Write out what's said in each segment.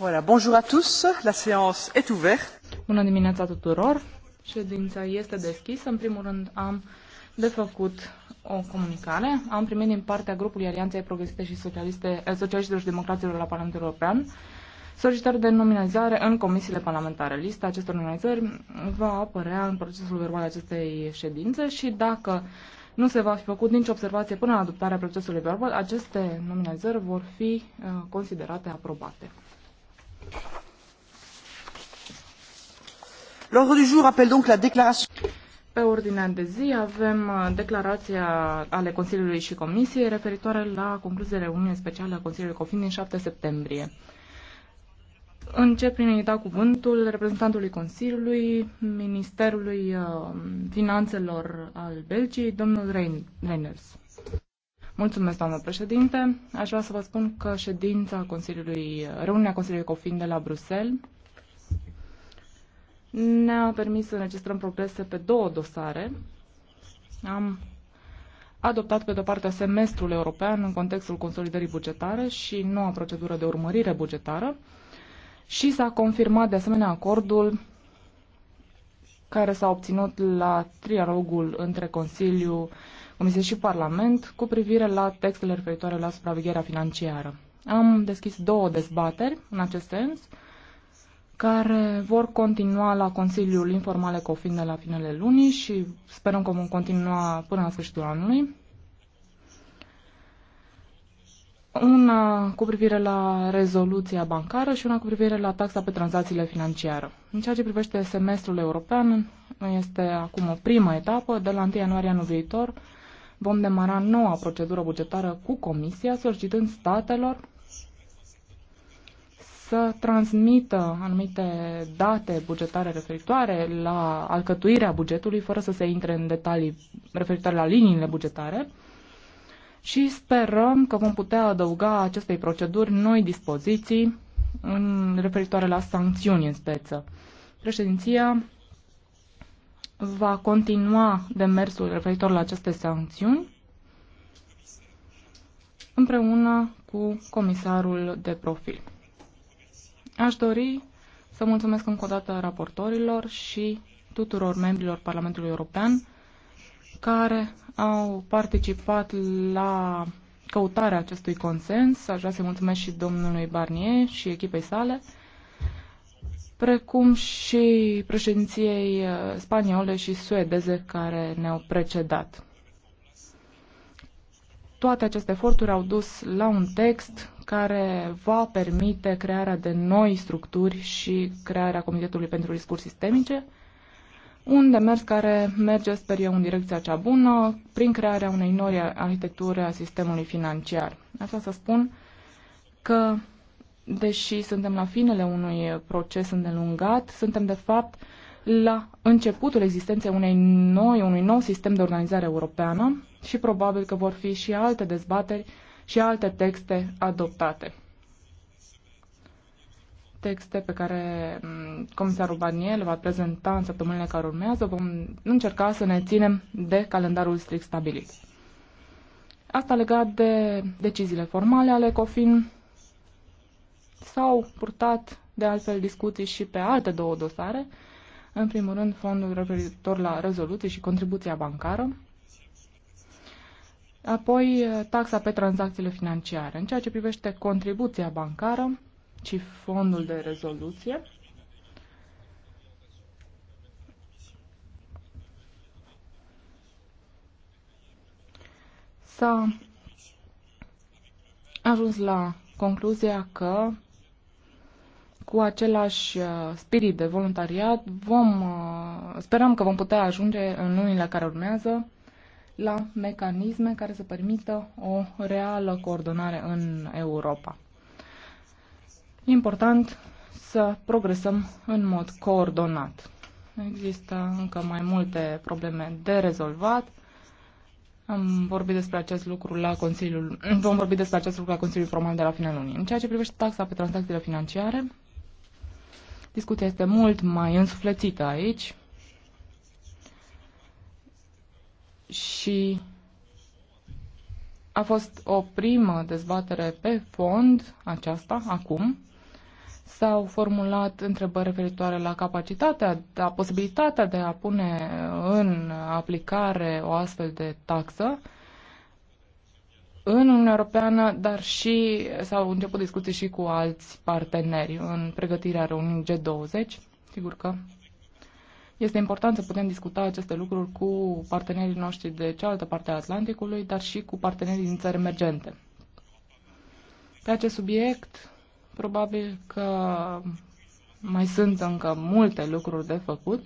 Voilà, bonjour à tous, la séance est ouverte. Bună dimineața tuturor, ședința este deschisă. În primul rând am de făcut o comunicare. Am primit din partea grupului Alianței Progresiste și Socialiste, eh, Socialiștilor și Democraților la Parlamentul European solicitări de nominalizare în comisiile parlamentare. Lista acestor nominalizări va apărea în procesul verbal acestei ședințe și dacă nu se va fi făcut nicio observație până la adoptarea procesului verbal, aceste nominalizări vor fi eh, considerate aprobate. L'ordre du jour appelle donc la déclaration. Pe ordinea de zi avem uh, declarația ale Consiliului și Comisiei referitoare la concluziile Uniunii Speciale a Consiliului COFIN din 7 septembrie. Încep prin a-i da cuvântul reprezentantului Consiliului, Ministerului uh, Finanțelor al Belgiei, domnul Rein Reiners. Mulțumesc, doamnă președinte. Aș vrea să vă spun că ședința Consiliului, reuniunea Consiliului COFIN de la Bruxelles ne-a permis să înregistrăm progrese pe două dosare. Am adoptat pe de-o parte semestrul european în contextul consolidării bugetare și noua procedură de urmărire bugetară și s-a confirmat de asemenea acordul care s-a obținut la trialogul între Consiliu, Comisie și Parlament cu privire la textele referitoare la supravegherea financiară. Am deschis două dezbateri în acest sens, care vor continua la Consiliul Informal Ecofin de la finele lunii și sperăm că vom continua până la sfârșitul anului. Una cu privire la rezoluția bancară și una cu privire la taxa pe tranzacțiile financiare. În ceea ce privește semestrul european, este acum o primă etapă. De la 1 ianuarie anul viitor Vom demara noua procedură bugetară cu Comisia, solicitând statelor să transmită anumite date bugetare referitoare la alcătuirea bugetului, fără să se intre în detalii referitoare la liniile bugetare și sperăm că vom putea adăuga acestei proceduri noi dispoziții în referitoare la sancțiuni în speță. Președinția va continua demersul referitor la aceste sancțiuni împreună cu comisarul de profil. Aș dori să mulțumesc încă o dată raportorilor și tuturor membrilor Parlamentului European care au participat la căutarea acestui consens. Aș vrea să mulțumesc și domnului Barnier și echipei sale precum și președinției uh, spaniole și suedeze care ne-au precedat. Toate aceste eforturi au dus la un text care va permite crearea de noi structuri și crearea Comitetului pentru Riscuri Sistemice, un demers care merge, sper eu, în direcția cea bună, prin crearea unei noi arhitecturi a sistemului financiar. Așa să spun că deși suntem la finele unui proces îndelungat, suntem de fapt la începutul existenței unei noi, unui nou sistem de organizare europeană și probabil că vor fi și alte dezbateri și alte texte adoptate. Texte pe care mm, comisarul Barnier le va prezenta în săptămânile care urmează. Vom încerca să ne ținem de calendarul strict stabilit. Asta legat de deciziile formale ale COFIN, S-au purtat de altfel discuții și pe alte două dosare, în primul rând fondul referitor la rezoluție și contribuția bancară, apoi taxa pe tranzacțiile financiare. În ceea ce privește contribuția bancară și fondul de rezoluție, s-a ajuns la concluzia că cu același uh, spirit de voluntariat, vom, uh, sperăm că vom putea ajunge în lunile care urmează la mecanisme care să permită o reală coordonare în Europa. Important să progresăm în mod coordonat. Există încă mai multe probleme de rezolvat. Am vorbit despre acest lucru la Consiliul, vom vorbi despre acest lucru la Consiliul Formal de la finalul lunii. În ceea ce privește taxa pe tranzacțiile financiare, Discuția este mult mai însuflețită aici și a fost o primă dezbatere pe fond aceasta, acum. S-au formulat întrebări referitoare la capacitatea, la posibilitatea de a pune în aplicare o astfel de taxă în Uniunea Europeană, dar și s-au început discuții și cu alți parteneri în pregătirea reuniunii G20. Sigur că este important să putem discuta aceste lucruri cu partenerii noștri de cealaltă parte a Atlanticului, dar și cu partenerii din țări emergente. Pe acest subiect, probabil că mai sunt încă multe lucruri de făcut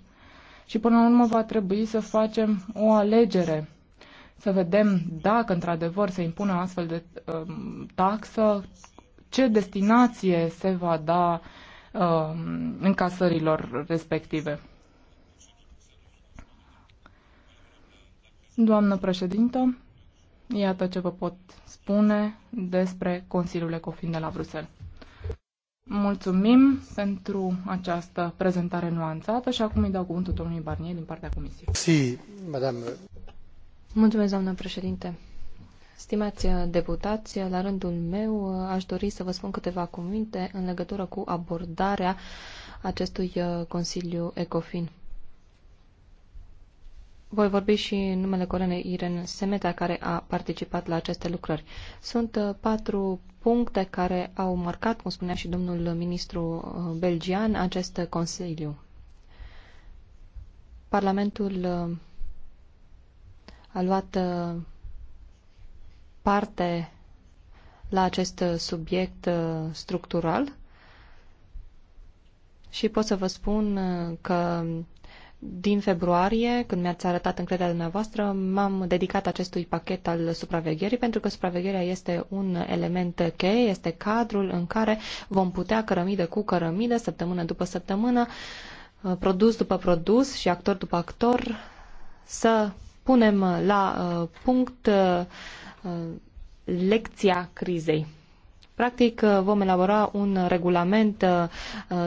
și până la urmă va trebui să facem o alegere să vedem dacă într-adevăr se impune astfel de um, taxă, ce destinație se va da um, încasărilor respective. Doamnă președintă, iată ce vă pot spune despre Consiliul Ecofin de la Bruxelles. Mulțumim pentru această prezentare nuanțată și acum îi dau cuvântul domnului Barnier din partea Comisiei. Si, madame. Mulțumesc, doamnă președinte. Stimați uh, deputați, la rândul meu uh, aș dori să vă spun câteva cuvinte în legătură cu abordarea acestui uh, Consiliu ECOFIN. Voi vorbi și în numele colenei Iren Semeta, care a participat la aceste lucrări. Sunt patru puncte care au marcat, cum spunea și domnul ministru belgian, acest Consiliu. Parlamentul a luat uh, parte la acest subiect uh, structural și pot să vă spun uh, că din februarie, când mi-ați arătat încrederea dumneavoastră, m-am dedicat acestui pachet al supravegherii, pentru că supravegherea este un element cheie, este cadrul în care vom putea cărămidă cu cărămidă, săptămână după săptămână, produs după produs și actor după actor, să punem uh, la uh, punct uh, lecția crizei. Practic, vom elabora un regulament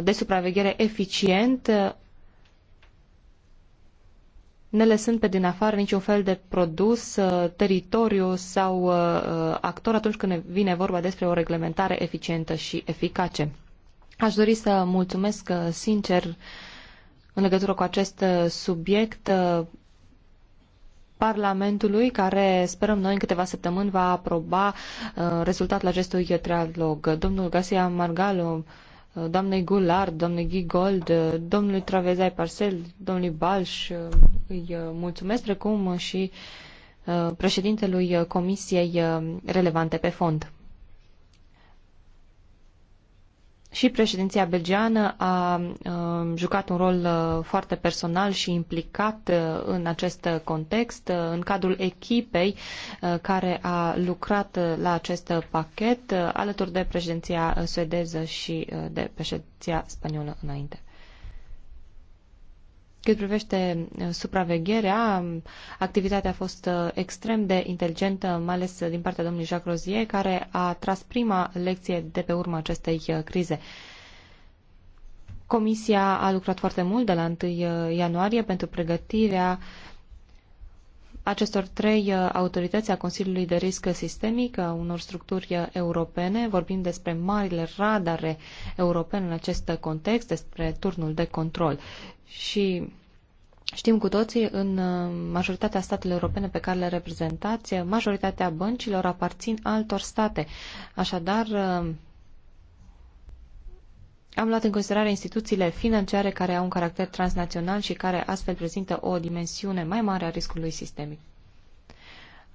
de supraveghere eficient, ne lăsând pe din afară niciun fel de produs, teritoriu sau actor atunci când vine vorba despre o reglementare eficientă și eficace. Aș dori să mulțumesc sincer în legătură cu acest subiect Parlamentului, care sperăm noi în câteva săptămâni va aproba uh, rezultatul acestui trialog. Domnul Garcia Margalo, uh, doamnei Goulard, doamnei Gigold, uh, domnului Travezai Parcel, domnului Balș, uh, îi mulțumesc, precum și președintelui Comisiei relevante pe fond. și președinția belgiană a jucat un rol foarte personal și implicat în acest context, în cadrul echipei care a lucrat la acest pachet, alături de președinția suedeză și de președinția spaniolă înainte. Cât privește uh, supravegherea, um, activitatea a fost uh, extrem de inteligentă, mai ales uh, din partea domnului Jacques Rozier, care a tras prima lecție de pe urma acestei crize. Comisia a lucrat foarte mult de la 1 ianuarie pentru pregătirea acestor trei autorități a Consiliului de Risc Sistemic, a unor structuri europene. Vorbim despre marile radare europene în acest context, despre turnul de control. Și Știm cu toții, în uh, majoritatea statelor europene pe care le reprezentați, uh, majoritatea băncilor aparțin altor state. Așadar, uh, am luat în considerare instituțiile financiare care au un caracter transnațional și care astfel prezintă o dimensiune mai mare a riscului sistemic.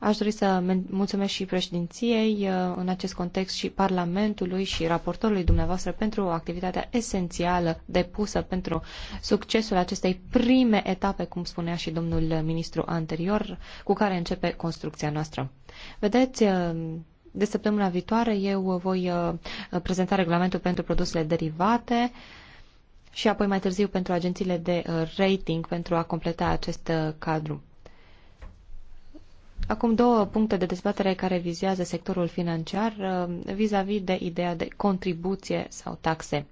Aș dori să mulțumesc și președinției uh, în acest context și Parlamentului și raportorului dumneavoastră pentru activitatea esențială depusă pentru succesul acestei prime etape, cum spunea și domnul ministru anterior, cu care începe construcția noastră. Vedeți, uh, de săptămâna viitoare eu voi uh, prezenta regulamentul pentru produsele derivate și apoi mai târziu pentru agențiile de rating pentru a completa acest cadru. Acum două puncte de dezbatere care vizează sectorul financiar uh, vis-a-vis -vis de ideea de contribuție sau taxe.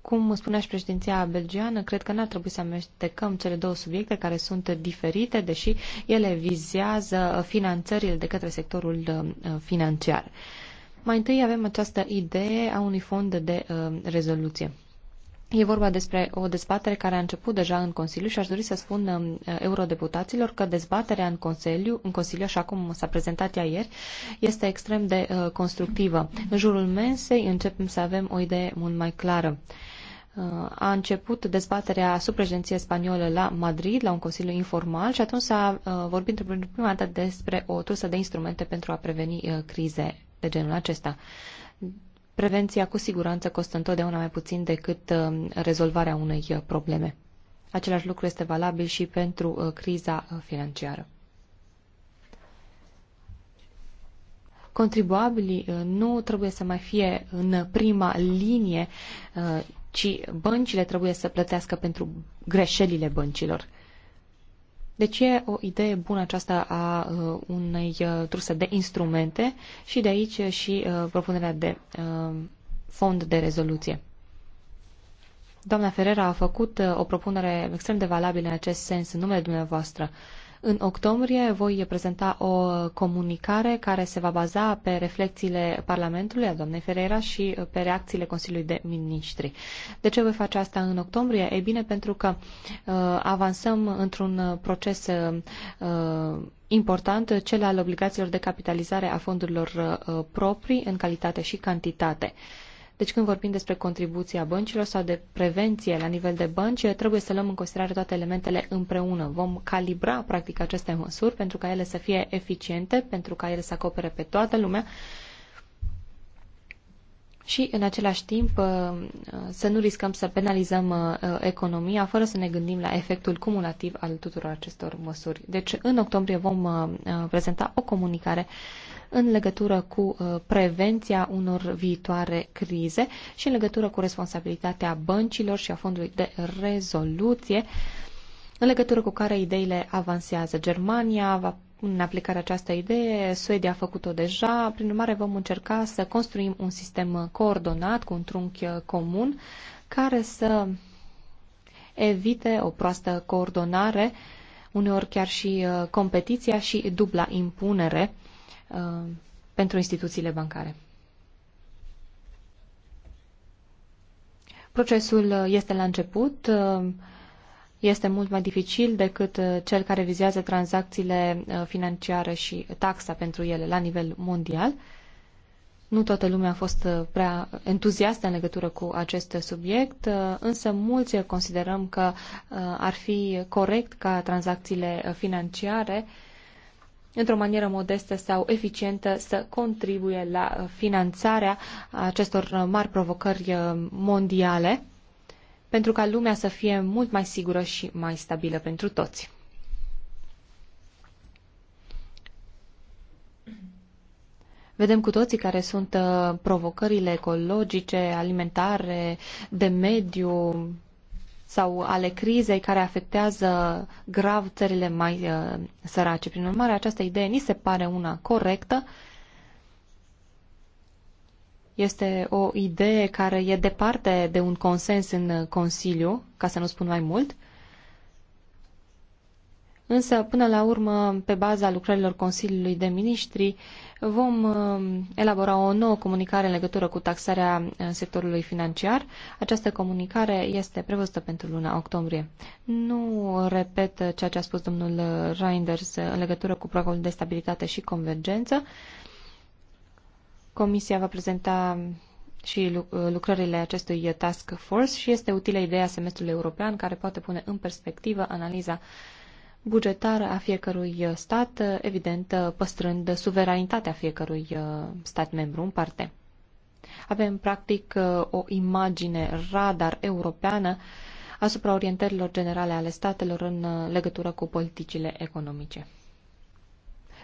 Cum spunea și președinția belgiană, cred că n-ar trebui să amestecăm cele două subiecte care sunt diferite, deși ele vizează finanțările de către sectorul uh, financiar. Mai întâi avem această idee a unui fond de uh, rezoluție. E vorba despre o dezbatere care a început deja în Consiliu și aș dori să spun um, eurodeputaților că dezbaterea în Consiliu, în Consiliu, așa cum s-a prezentat ea ieri, este extrem de uh, constructivă. În jurul mensei începem să avem o idee mult mai clară. Uh, a început dezbaterea sub președinție spaniolă la Madrid, la un consiliu informal și atunci s-a uh, vorbit pentru prima dată despre o trusă de instrumente pentru a preveni uh, crize de genul acesta. Prevenția cu siguranță costă întotdeauna mai puțin decât uh, rezolvarea unei uh, probleme. Același lucru este valabil și pentru uh, criza financiară. Contribuabilii nu trebuie să mai fie în prima linie, ci băncile trebuie să plătească pentru greșelile băncilor. Deci e o idee bună aceasta a uh, unei uh, truse de instrumente și de aici și uh, propunerea de fond de rezoluție. Doamna Ferrera a făcut o propunere extrem de valabilă în acest sens în numele dumneavoastră. În octombrie voi prezenta o comunicare care se va baza pe reflexiile Parlamentului, a doamnei Ferreira, și pe reacțiile Consiliului de Ministri. De ce voi face asta în octombrie? E bine, pentru că uh, avansăm într-un proces uh, important, cel al obligațiilor de capitalizare a fondurilor uh, proprii în calitate și cantitate. Uh, deci când vorbim despre contribuția băncilor sau de prevenție la nivel de bănci, trebuie să luăm în considerare toate elementele împreună. Vom calibra practic aceste măsuri pentru ca ele să fie eficiente, pentru ca ele să acopere pe toată lumea și în același timp uh, să nu riscăm să penalizăm uh, economia fără să ne gândim la efectul cumulativ al tuturor acestor măsuri. Deci în octombrie vom uh, prezenta o comunicare în legătură cu uh, prevenția unor viitoare crize și în legătură cu responsabilitatea băncilor și a fondului de rezoluție, în legătură cu care ideile avansează. Germania va în aplicarea această idee, Suedia a făcut-o deja, prin urmare vom încerca să construim un sistem coordonat cu un trunchi comun care să evite o proastă coordonare, uneori chiar și uh, competiția și dubla impunere Uh, pentru instituțiile bancare. Procesul uh, este la început, uh, este mult mai dificil decât cel care vizează tranzacțiile financiare și taxa pentru ele la nivel mondial. Nu toată lumea a fost prea entuziastă în legătură cu acest subiect, însă mulți considerăm că ar fi corect ca tranzacțiile financiare uh, într-o manieră modestă sau eficientă, să contribuie la finanțarea acestor mari provocări uh, mondiale, pentru ca lumea să fie mult mai sigură și mai stabilă pentru toți. Vedem cu toții care sunt uh, provocările ecologice, alimentare, de mediu, sau ale crizei care afectează grav țările mai uh, sărace. Prin urmare, această idee ni se pare una corectă. Este o idee care e departe de un consens în Consiliu, ca să nu spun mai mult, Însă, până la urmă, pe baza lucrărilor Consiliului de Ministri, vom uh, elabora o nouă comunicare în legătură cu taxarea uh, sectorului financiar. Această comunicare este prevăzută pentru luna octombrie. Nu repet ceea ce a spus domnul Reinders în legătură cu programul de stabilitate și convergență. Comisia va prezenta și uh, lucrările acestui task force și este utilă ideea semestrului european care poate pune în perspectivă analiza bugetar a fiecărui uh, stat, uh, evident uh, păstrând suveranitatea fiecărui stat membru în parte. Avem, practic, o imagine radar europeană asupra orientărilor generale ale statelor în legătură cu politicile economice.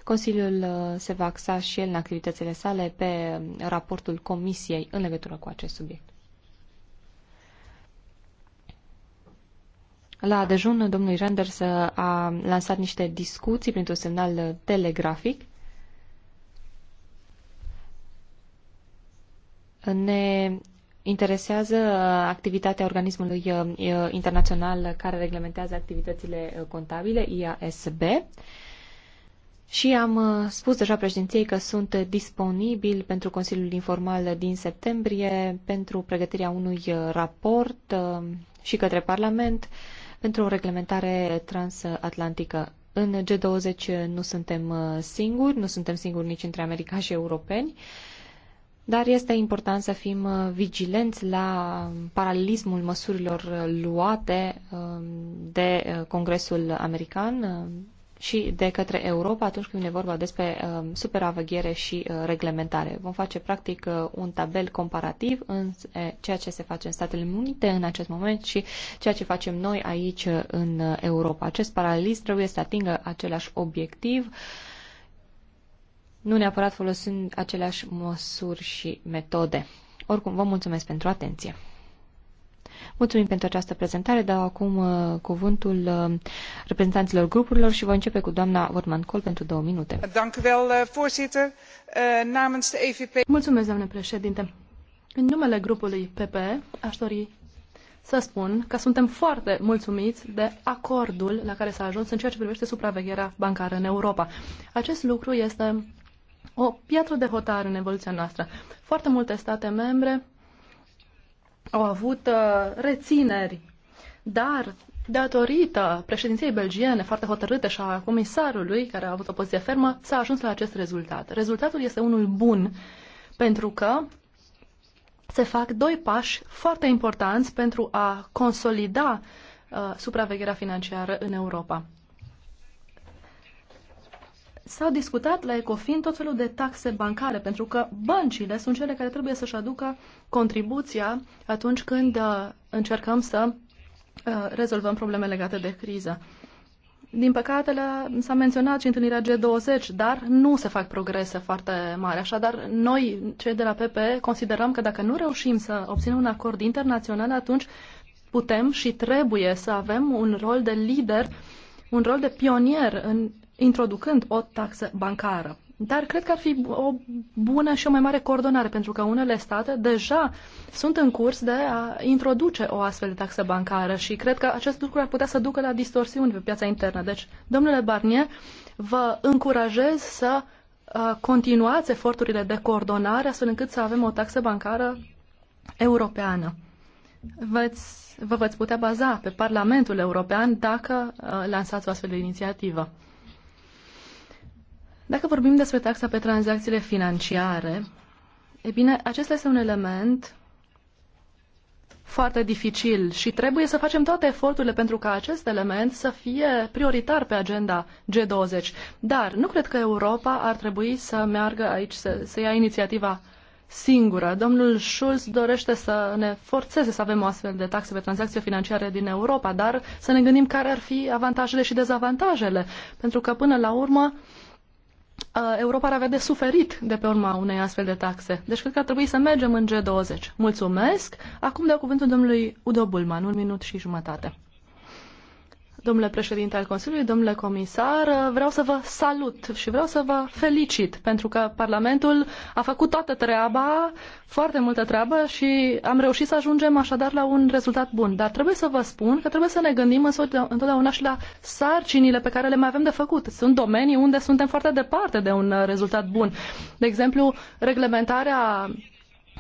Consiliul se va axa și el în activitățile sale pe raportul Comisiei în legătură cu acest subiect. La dejun, domnul Renders a lansat niște discuții printr-un semnal telegrafic. Ne interesează activitatea organismului uh, internațional care reglementează activitățile uh, contabile, IASB. Și am uh, spus deja președinției că sunt disponibil pentru Consiliul Informal din septembrie pentru pregătirea unui raport și către Parlament pentru o reglementare transatlantică. În G20 nu suntem uh, singuri, nu suntem singuri nici între america și europeni, dar este important să fim uh, vigilenți la paralelismul măsurilor uh, luate um, de Congresul American și de către Europa atunci când vine vorba despre uh, supraveghere și uh, reglementare. Vom face practic uh, un tabel comparativ în uh, ceea ce se face în Statele Unite în acest moment și ceea ce facem noi aici uh, în uh, Europa. Acest paralelism trebuie să atingă același obiectiv, nu neapărat folosind aceleași măsuri și metode. Oricum, vă mulțumesc pentru atenție. Mulțumim pentru această prezentare, dau acum uh, cuvântul uh, reprezentanților grupurilor și voi începe cu doamna Vorman Col pentru două minute. Uh, Mulțumesc, doamnă președinte. În numele grupului PPE aș dori să spun că suntem foarte mulțumiți de acordul la care s-a ajuns în ceea ce privește supravegherea bancară în Europa. Acest lucru este o piatră de hotar în evoluția noastră. Foarte multe state membre au avut uh, rețineri, dar datorită președinției belgiene foarte hotărâte și a comisarului, care a avut o poziție fermă, s-a ajuns la acest rezultat. Rezultatul este unul bun, pentru că se fac doi pași foarte importanți pentru a consolida uh, supravegherea financiară în Europa. S-au discutat la Ecofin tot felul de taxe bancare, pentru că băncile sunt cele care trebuie să-și aducă contribuția atunci când uh, încercăm să uh, rezolvăm probleme legate de criză. Din păcate, s-a menționat și întâlnirea G20, dar nu se fac progrese foarte mari. Așadar, noi, cei de la PPE, considerăm că dacă nu reușim să obținem un acord internațional, atunci putem și trebuie să avem un rol de lider, un rol de pionier în introducând o taxă bancară. Dar cred că ar fi o bună și o mai mare coordonare, pentru că unele state deja sunt în curs de a introduce o astfel de taxă bancară și cred că acest lucru ar putea să ducă la distorsiuni pe piața internă. Deci, domnule Barnier, vă încurajez să uh, continuați eforturile de coordonare astfel încât să avem o taxă bancară europeană. Veți, vă veți putea baza pe Parlamentul European dacă uh, lansați o astfel de inițiativă. Dacă vorbim despre taxa pe tranzacțiile financiare, e bine, acesta este un element foarte dificil și trebuie să facem toate eforturile pentru ca acest element să fie prioritar pe agenda G20. Dar nu cred că Europa ar trebui să meargă aici, să, să ia inițiativa singură. Domnul Schulz dorește să ne forțeze să avem o astfel de taxe pe tranzacții financiare din Europa, dar să ne gândim care ar fi avantajele și dezavantajele, pentru că până la urmă uh, Uh, Europa ar avea de suferit de pe urma unei astfel de taxe. Deci cred că ar trebui să mergem în G20. Mulțumesc. Acum dau cuvântul domnului Udo Bulman, un minut și jumătate. Domnule președinte al Consiliului, domnule comisar, vreau să vă salut și vreau să vă felicit pentru că Parlamentul a făcut toată treaba, foarte multă treabă și am reușit să ajungem așadar la un rezultat bun. Dar trebuie să vă spun că trebuie să ne gândim întotdeauna și la sarcinile pe care le mai avem de făcut. Sunt domenii unde suntem foarte departe de un rezultat bun. De exemplu, reglementarea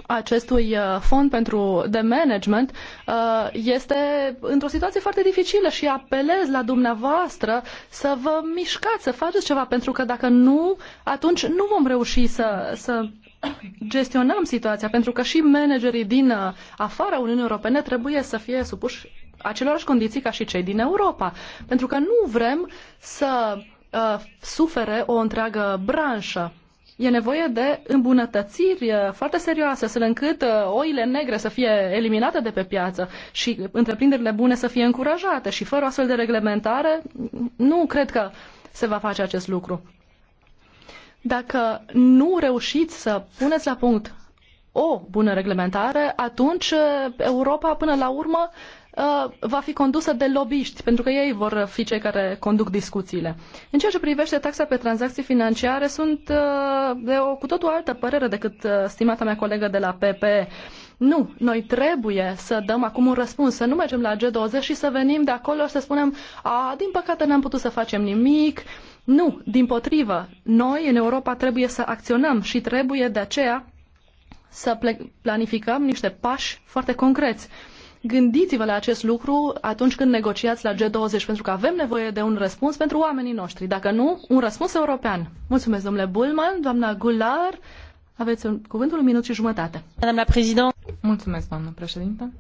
acestui uh, fond pentru de management uh, este într-o situație foarte dificilă și apelez la dumneavoastră să vă mișcați, să faceți ceva, pentru că dacă nu, atunci nu vom reuși să, să gestionăm situația, pentru că și managerii din uh, afara Uniunii Europene trebuie să fie supuși acelorași condiții ca și cei din Europa, pentru că nu vrem să uh, sufere o întreagă branșă e nevoie de îmbunătățiri uh, foarte serioase, să încât uh, oile negre să fie eliminate de pe piață și întreprinderile bune să fie încurajate. Și fără o astfel de reglementare, nu cred că se va face acest lucru. Dacă nu reușiți să puneți la punct o bună reglementare, atunci uh, Europa până la urmă Uh, va fi condusă de lobbyști, pentru că ei vor fi cei care conduc discuțiile. În ceea ce privește taxa pe tranzacții financiare, sunt uh, de o cu totul altă părere decât uh, stimata mea colegă de la PPE. Nu, noi trebuie să dăm acum un răspuns, să nu mergem la G20 și să venim de acolo și să spunem, a, din păcate n-am putut să facem nimic. Nu, din potrivă, noi în Europa trebuie să acționăm și trebuie de aceea să planificăm niște pași foarte concreți. Gândiți-vă la acest lucru atunci când negociați la G20, pentru că avem nevoie de un răspuns pentru oamenii noștri. Dacă nu, un răspuns european. Mulțumesc, domnule Bulman, doamna Gular. Aveți un cuvântul un minut și jumătate. Doamna președinte. Mulțumesc, doamnă președinte.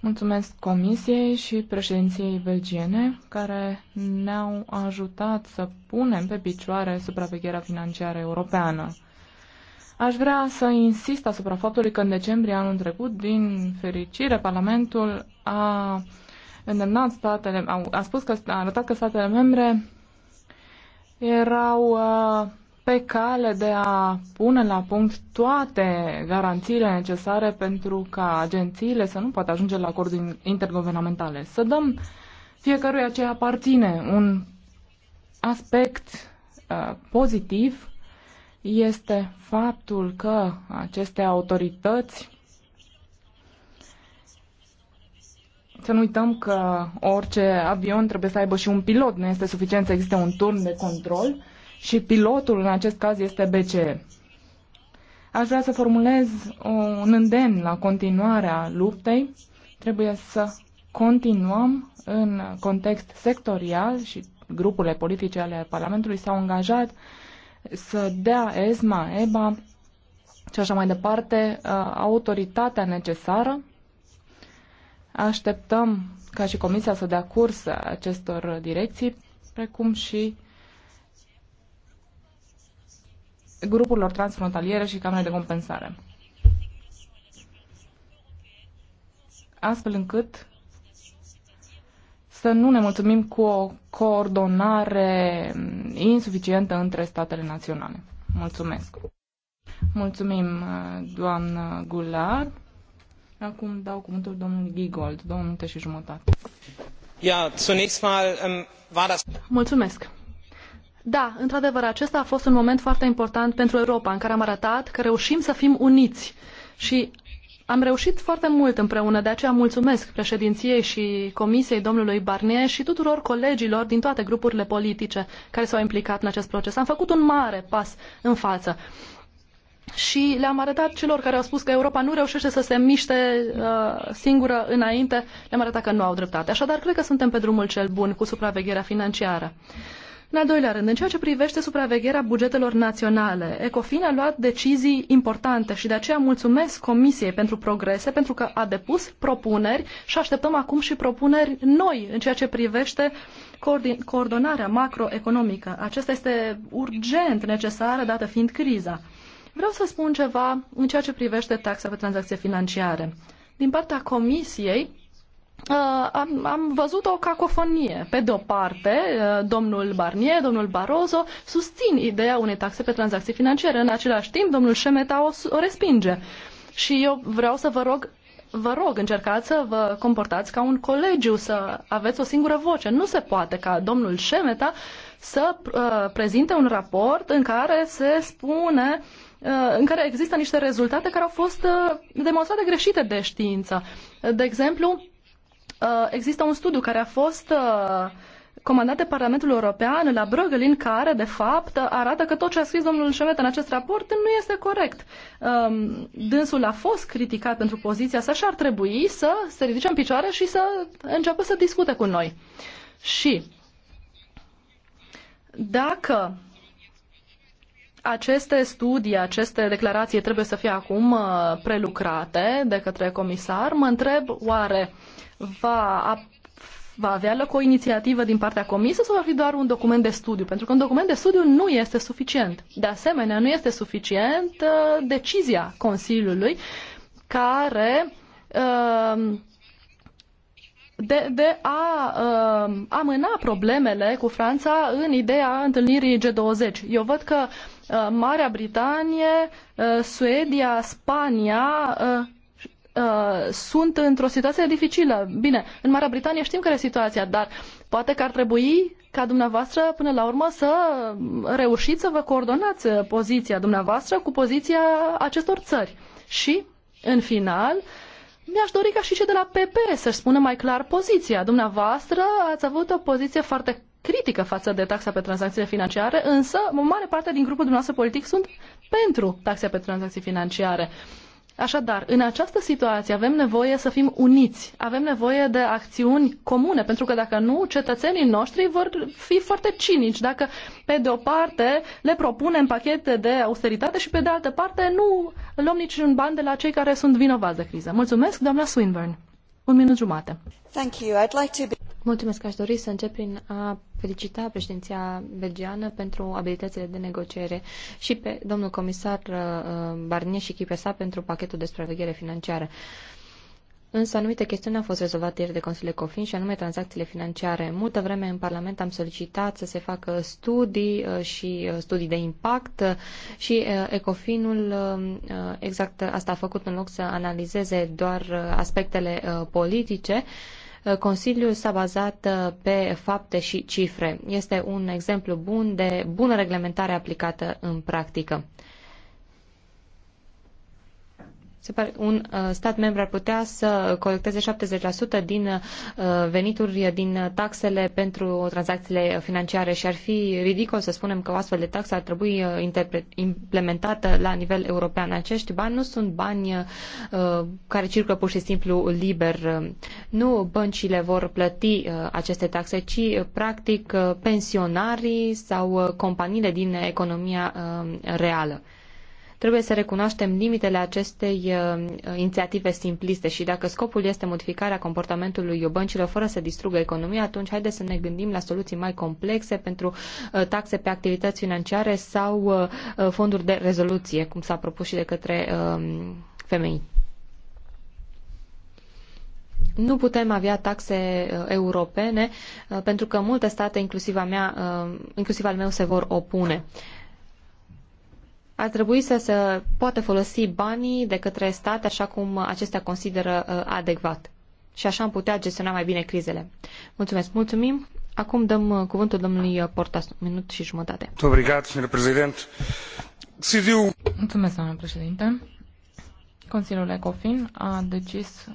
Mulțumesc Comisiei și președinției belgiene care ne-au ajutat să punem pe picioare supravegherea financiară europeană. Aș vrea să insist asupra faptului că în decembrie anul trecut, din fericire, Parlamentul a îndemnat statele, a, a spus că a arătat că statele membre erau uh, pe cale de a pune la punct toate garanțiile necesare pentru ca agențiile să nu poată ajunge la acorduri interguvernamentale. Să dăm fiecăruia ce aparține un aspect uh, pozitiv este faptul că aceste autorități Să nu uităm că orice avion trebuie să aibă și un pilot, nu este suficient să existe un turn de control și pilotul în acest caz este BCE. Aș vrea să formulez un îndemn la continuarea luptei. Trebuie să continuăm în context sectorial și grupurile politice ale Parlamentului s-au angajat să dea ESMA, EBA și așa mai departe uh, autoritatea necesară. Așteptăm ca și Comisia să dea curs acestor direcții, precum și grupurilor transfrontaliere și camere de compensare. Astfel încât să nu ne mulțumim cu o coordonare insuficientă între statele naționale. Mulțumesc! Mulțumim, uh, doamnă Gular. Acum dau cuvântul domnului Gigold, două minute și jumătate. Ja, zunächst mal um, war das... Mulțumesc! Da, într-adevăr, acesta a fost un moment foarte important pentru Europa, în care am arătat că reușim să fim uniți. Și am reușit foarte mult împreună, de aceea mulțumesc președinției și comisiei domnului Barnier și tuturor colegilor din toate grupurile politice care s-au implicat în acest proces. Am făcut un mare pas în față. Și le-am arătat celor care au spus că Europa nu reușește să se miște uh, singură înainte, le-am arătat că nu au dreptate. Așadar, cred că suntem pe drumul cel bun cu supravegherea financiară. Uh, în al doilea rând, în ceea ce privește supravegherea bugetelor naționale, Ecofin a luat decizii importante și de aceea mulțumesc Comisiei pentru progrese, pentru că a depus propuneri și așteptăm acum și propuneri noi în ceea ce privește coordonarea macroeconomică. Aceasta este urgent necesară, dată fiind criza. Vreau să spun ceva în ceea ce privește taxa pe tranzacție financiare. Din partea Comisiei, Uh, am, am văzut o cacofonie. Pe de-o parte, uh, domnul Barnier, domnul Barroso susțin ideea unei taxe pe tranzacții financiare. În același timp, domnul Șemeta o, o respinge. Și eu vreau să vă rog, vă rog, încercați să vă comportați ca un colegiu, să aveți o singură voce. Nu se poate ca domnul Șemeta să uh, prezinte un raport în care se spune uh, în care există niște rezultate care au fost uh, demonstrate greșite de știință. De exemplu, Uh, există un studiu care a fost uh, comandat de Parlamentul European la Brăgălin, care, de fapt, arată că tot ce a scris domnul Șemet în acest raport nu este corect. Um, dânsul a fost criticat pentru poziția sa și ar trebui să se ridice în picioare și să înceapă să discute cu noi. Și dacă aceste studii, aceste declarații trebuie să fie acum uh, prelucrate de către comisar, mă întreb oare uh, va, va avea loc o inițiativă din partea comisiei sau va fi doar un document de studiu? Pentru că un document de studiu nu este suficient. De asemenea, nu este suficient uh, decizia Consiliului care uh, de, de a uh, amâna problemele cu Franța în ideea întâlnirii G20. Eu văd că uh, Marea Britanie, uh, Suedia, Spania uh, Uh, sunt într-o situație dificilă. Bine, în Marea Britanie știm care e situația, dar poate că ar trebui ca dumneavoastră până la urmă să reușiți să vă coordonați poziția dumneavoastră cu poziția acestor țări. Și, în final, mi-aș dori ca și cei de la PP să-și spună mai clar poziția. Dumneavoastră ați avut o poziție foarte critică față de taxa pe tranzacțiile financiare, însă o mare parte din grupul dumneavoastră politic sunt pentru taxa pe tranzacții financiare. Uh, Așadar, în această situație avem nevoie să fim uniți, avem nevoie de acțiuni comune, pentru că dacă nu, cetățenii noștri vor fi foarte cinici dacă, pe de o parte, le propunem pachete de austeritate și, pe de altă parte, nu luăm niciun ban de la cei care sunt vinovați de criză. Mulțumesc, doamna Swinburne. Un minut jumate. Thank you. I'd like to be... Mulțumesc, aș dori să încep prin a felicita președinția belgiană pentru abilitățile de negociere și pe domnul comisar uh, uh, Barnier și Chipesa pentru pachetul de supraveghere financiară. Însă anumite chestiuni au fost rezolvate ieri de Consiliul Ecofin și anume tranzacțiile financiare. Multă vreme în Parlament am solicitat să se facă studii uh, și studii de impact și Ecofinul exact asta a făcut în loc să analizeze doar aspectele politice Uh, Consiliul s-a bazat uh, pe fapte și cifre. Este un exemplu bun de bună reglementare aplicată în practică. Se pare un uh, stat membru ar putea să colecteze 70% din uh, venituri din taxele pentru tranzacțiile financiare și ar fi ridicol să spunem că o astfel de taxă ar trebui uh, implementată la nivel european. Acești bani nu sunt bani care circulă pur și simplu liber. Nu băncile vor plăti aceste taxe, ci practic pensionarii sau companiile din economia reală. Trebuie să recunoaștem limitele acestei uh, inițiative simpliste și dacă scopul este modificarea comportamentului băncilor fără să distrugă economia, atunci haideți să ne gândim la soluții mai complexe pentru uh, taxe pe activități financiare sau uh, fonduri de rezoluție, cum s-a propus și de către um, femei. Nu putem avea taxe europene pentru că multe state, inclusiv, a mea, inclusiv al meu, se vor opune ar trebui să se poată folosi banii de către stat așa cum acestea consideră uh, adecvat. Și așa am putea gestiona mai bine crizele. Mulțumesc, mulțumim. Acum dăm uh, cuvântul domnului uh, Portas, un minut și jumătate. Mulțumesc, domnule președinte. Consiliul ECOFIN a decis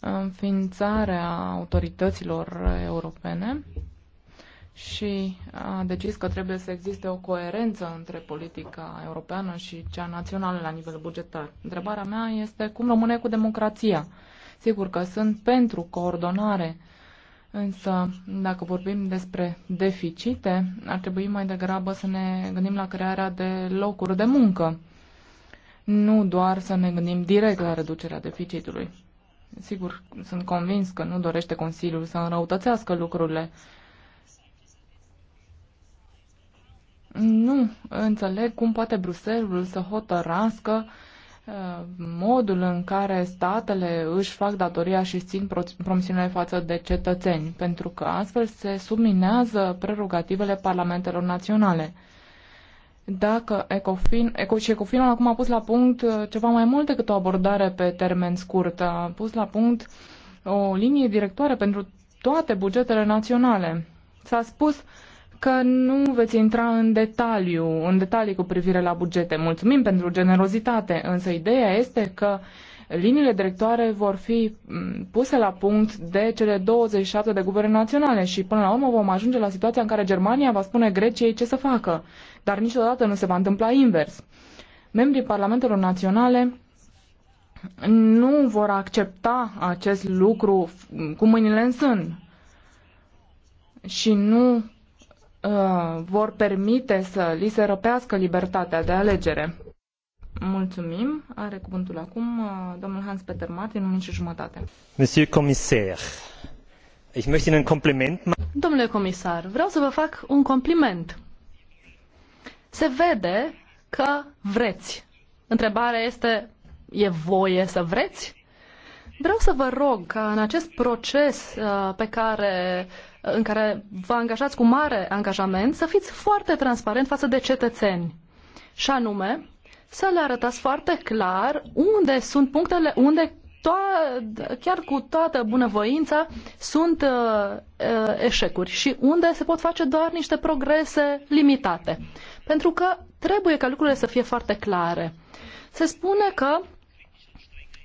înființarea autorităților europene și a decis că trebuie să existe o coerență între politica europeană și cea națională la nivel bugetar. Întrebarea mea este cum rămâne cu democrația. Sigur că sunt pentru coordonare, însă dacă vorbim despre deficite, ar trebui mai degrabă să ne gândim la crearea de locuri de muncă, nu doar să ne gândim direct la reducerea deficitului. Sigur, sunt convins că nu dorește Consiliul să înrăutățească lucrurile nu înțeleg cum poate Bruselul să hotărască uh, modul în care statele își fac datoria și țin promisiunile față de cetățeni, pentru că astfel se subminează prerogativele parlamentelor naționale. Dacă Ecofin, Eco, și Ecofinul acum a pus la punct uh, ceva mai mult decât o abordare pe termen scurt, a pus la punct o linie directoare pentru toate bugetele naționale. S-a spus uh, că nu veți intra în detaliu, în detalii cu privire la bugete. Mulțumim pentru generozitate, însă ideea este că liniile directoare vor fi mm, puse la punct de cele 27 de guverne naționale și până la urmă vom ajunge la situația în care Germania va spune Greciei ce să facă, dar niciodată nu se va întâmpla invers. Membrii Parlamentelor Naționale nu vor accepta acest lucru cu mâinile în sân și nu Uh, vor permite să li se răpească libertatea de alegere. Mulțumim. Are cuvântul acum uh, domnul Hans-Peter Martin, un și jumătate. Monsieur comisar, ich möchte Ihnen compliment... Domnule comisar, vreau să vă fac un compliment. Se vede că vreți. Întrebarea este, e voie să vreți? Vreau să vă rog ca în acest proces uh, pe care în care vă angajați cu mare angajament, să fiți foarte transparent față de cetățeni. Și anume, să le arătați foarte clar unde sunt punctele unde to- chiar cu toată bunăvoința sunt uh, uh, eșecuri și unde se pot face doar niște progrese limitate. Pentru că trebuie ca lucrurile să fie foarte clare. Se spune că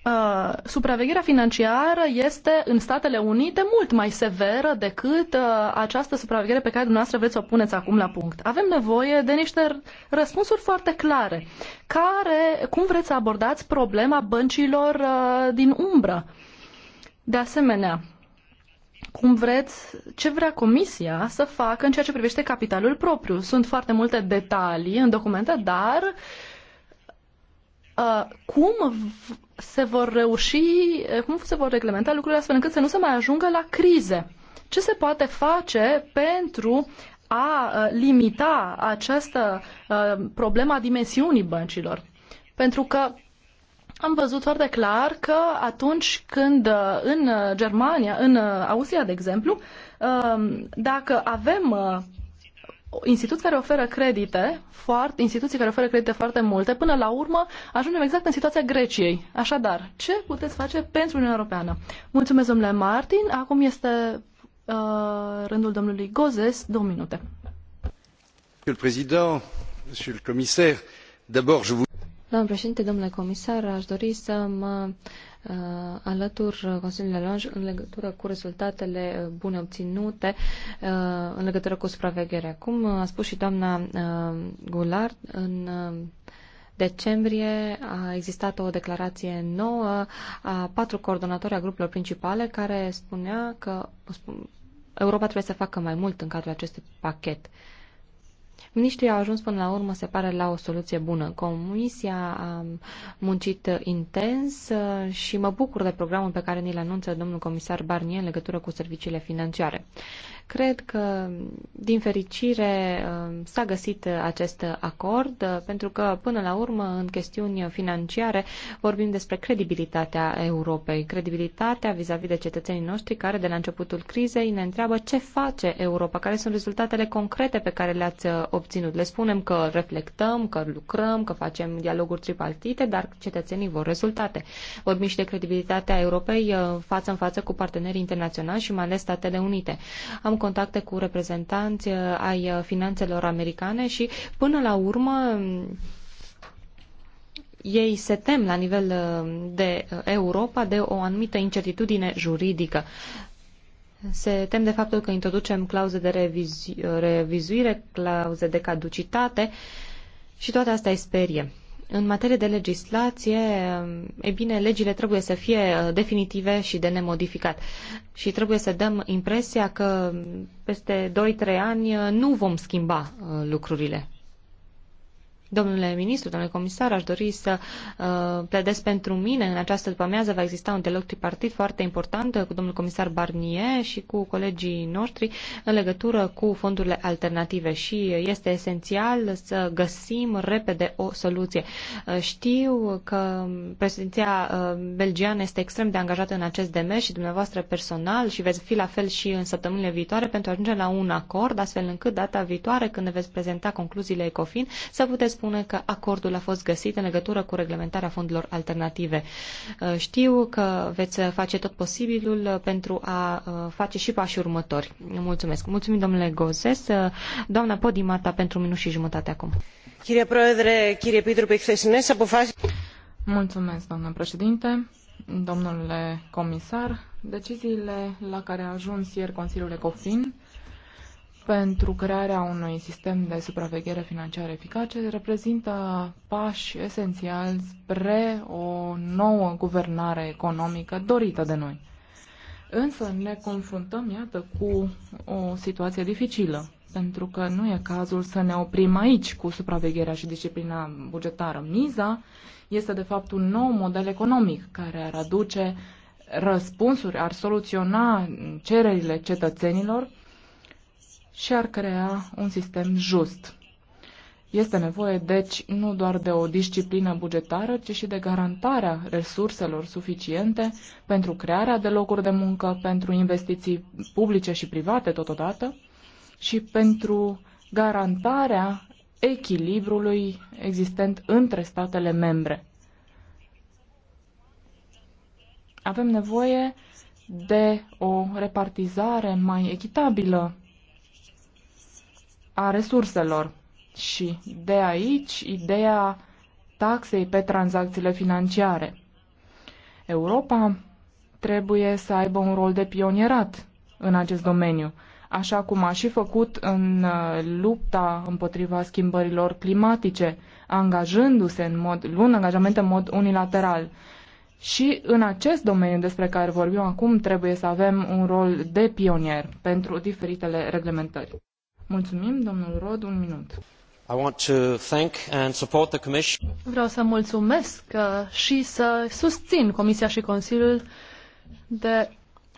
Uh, supravegherea financiară este în Statele Unite mult mai severă decât uh, această supraveghere pe care dumneavoastră să o puneți acum la punct. Avem nevoie de niște răspunsuri foarte clare. Care, cum vreți să abordați problema băncilor uh, din umbră? De asemenea, cum vreți, ce vrea Comisia să facă în ceea ce privește capitalul propriu. Sunt foarte multe detalii în documente, dar uh, Uh, cum se vor reuși, uh, cum se vor reglementa lucrurile astfel încât să nu se mai ajungă la crize. Ce se poate face pentru a uh, limita această problemă a dimensiunii băncilor? Pentru că am văzut foarte clar că atunci când în Germania, în Austria, de exemplu, dacă avem instituții care oferă credite, foarte, instituții care oferă credite foarte multe, până la urmă ajungem exact în situația Greciei. Așadar, ce puteți face pentru Uniunea Europeană? Mulțumesc, domnule Martin. Acum este uh, rândul domnului Gozes. Două minute. Domnule președinte, domnule comisar, d'abord je vous... Domnule președinte, domnule comisar, aș dori să mă Uh, alături Consiliului Lange în legătură cu rezultatele uh, bune obținute uh, în legătură cu supravegherea. Cum a spus și doamna Goulart, în decembrie a existat o declarație nouă a patru coordonatori a grupurilor principale care spunea că Europa trebuie să facă mai mult în cadrul acestui pachet. Uh, Ministrii au ajuns până la urmă, se pare, la o soluție bună. Comisia a muncit intens uh, și mă bucur de programul pe care ni-l anunță domnul comisar Barnier în legătură cu serviciile financiare. Cred că, din fericire, um, s-a găsit acest acord, uh, pentru că, până la urmă, în chestiuni financiare, vorbim despre credibilitatea Europei. Credibilitatea vis-a-vis -vis de cetățenii noștri care, de la începutul crizei, ne întreabă ce face Europa, care sunt rezultatele concrete pe care le-ați uh, obținut. Le spunem că reflectăm, că lucrăm, că facem dialoguri tripartite, dar cetățenii vor rezultate. Vorbim și de credibilitatea Europei uh, față în față cu partenerii internaționali și mai ales Statele Unite. Am contacte cu reprezentanți uh, ai uh, finanțelor americane și până la urmă ei se tem la nivel uh, de Europa de o anumită incertitudine juridică. Se tem de faptul că introducem clauze de revizu- revizuire, clauze de caducitate și toate astea îi sperie. În materie de legislație, e bine, legile trebuie să fie uh, definitive și de nemodificat. Și trebuie să dăm impresia că peste 2-3 ani uh, nu vom schimba uh, lucrurile. Domnule ministru, domnule comisar, aș dori să uh, pledez pentru mine. În această după-amiază va exista un dialog tripartit foarte important uh, cu domnul comisar Barnier și cu colegii noștri în legătură cu fondurile alternative și uh, este esențial să găsim repede o soluție. Uh, știu că președinția belgiană este extrem de angajată în acest demers și dumneavoastră personal și veți fi la fel și în săptămânile viitoare pentru a ajunge la un acord, astfel încât data viitoare, când ne veți prezenta concluziile ECOFIN, să puteți spune că acordul a fost găsit în legătură cu reglementarea fondurilor alternative. Uh, știu că veți face tot posibilul uh, pentru a uh, face și pașii următori. Mulțumesc. Mulțumim, domnule Gozes. Doamna Podimata, pentru minut și jumătate acum. Chirie Proedre, Chirie Pitru, pe Mulțumesc, doamnă președinte. Domnule comisar, deciziile la care a ajuns ieri Consiliul Ecofin pentru crearea unui sistem de supraveghere financiară eficace reprezintă pași esențiali spre o nouă guvernare economică dorită de noi. Însă ne confruntăm, iată, cu o situație dificilă, pentru că nu e cazul să ne oprim aici cu supravegherea și disciplina bugetară. Miza este, de fapt, un nou model economic care ar aduce răspunsuri, ar soluționa cererile cetățenilor și ar crea un sistem just. Este nevoie, deci, nu doar de o disciplină bugetară, ci și de garantarea resurselor suficiente pentru crearea de locuri de muncă, pentru investiții publice și private totodată și pentru garantarea echilibrului existent între statele membre. Avem nevoie de o repartizare mai echitabilă a resurselor. Și de aici ideea taxei pe tranzacțiile financiare. Europa trebuie să aibă un rol de pionierat în acest domeniu, așa cum a și făcut în uh, lupta împotriva schimbărilor climatice, angajându-se în mod, luând angajamente în mod unilateral. Și în acest domeniu despre care vorbim acum trebuie să avem un rol de pionier pentru diferitele reglementări. Mulțumim, domnul Rod, un minut. I want to thank and support the commission. Vreau să mulțumesc uh, și să susțin Comisia și Consiliul de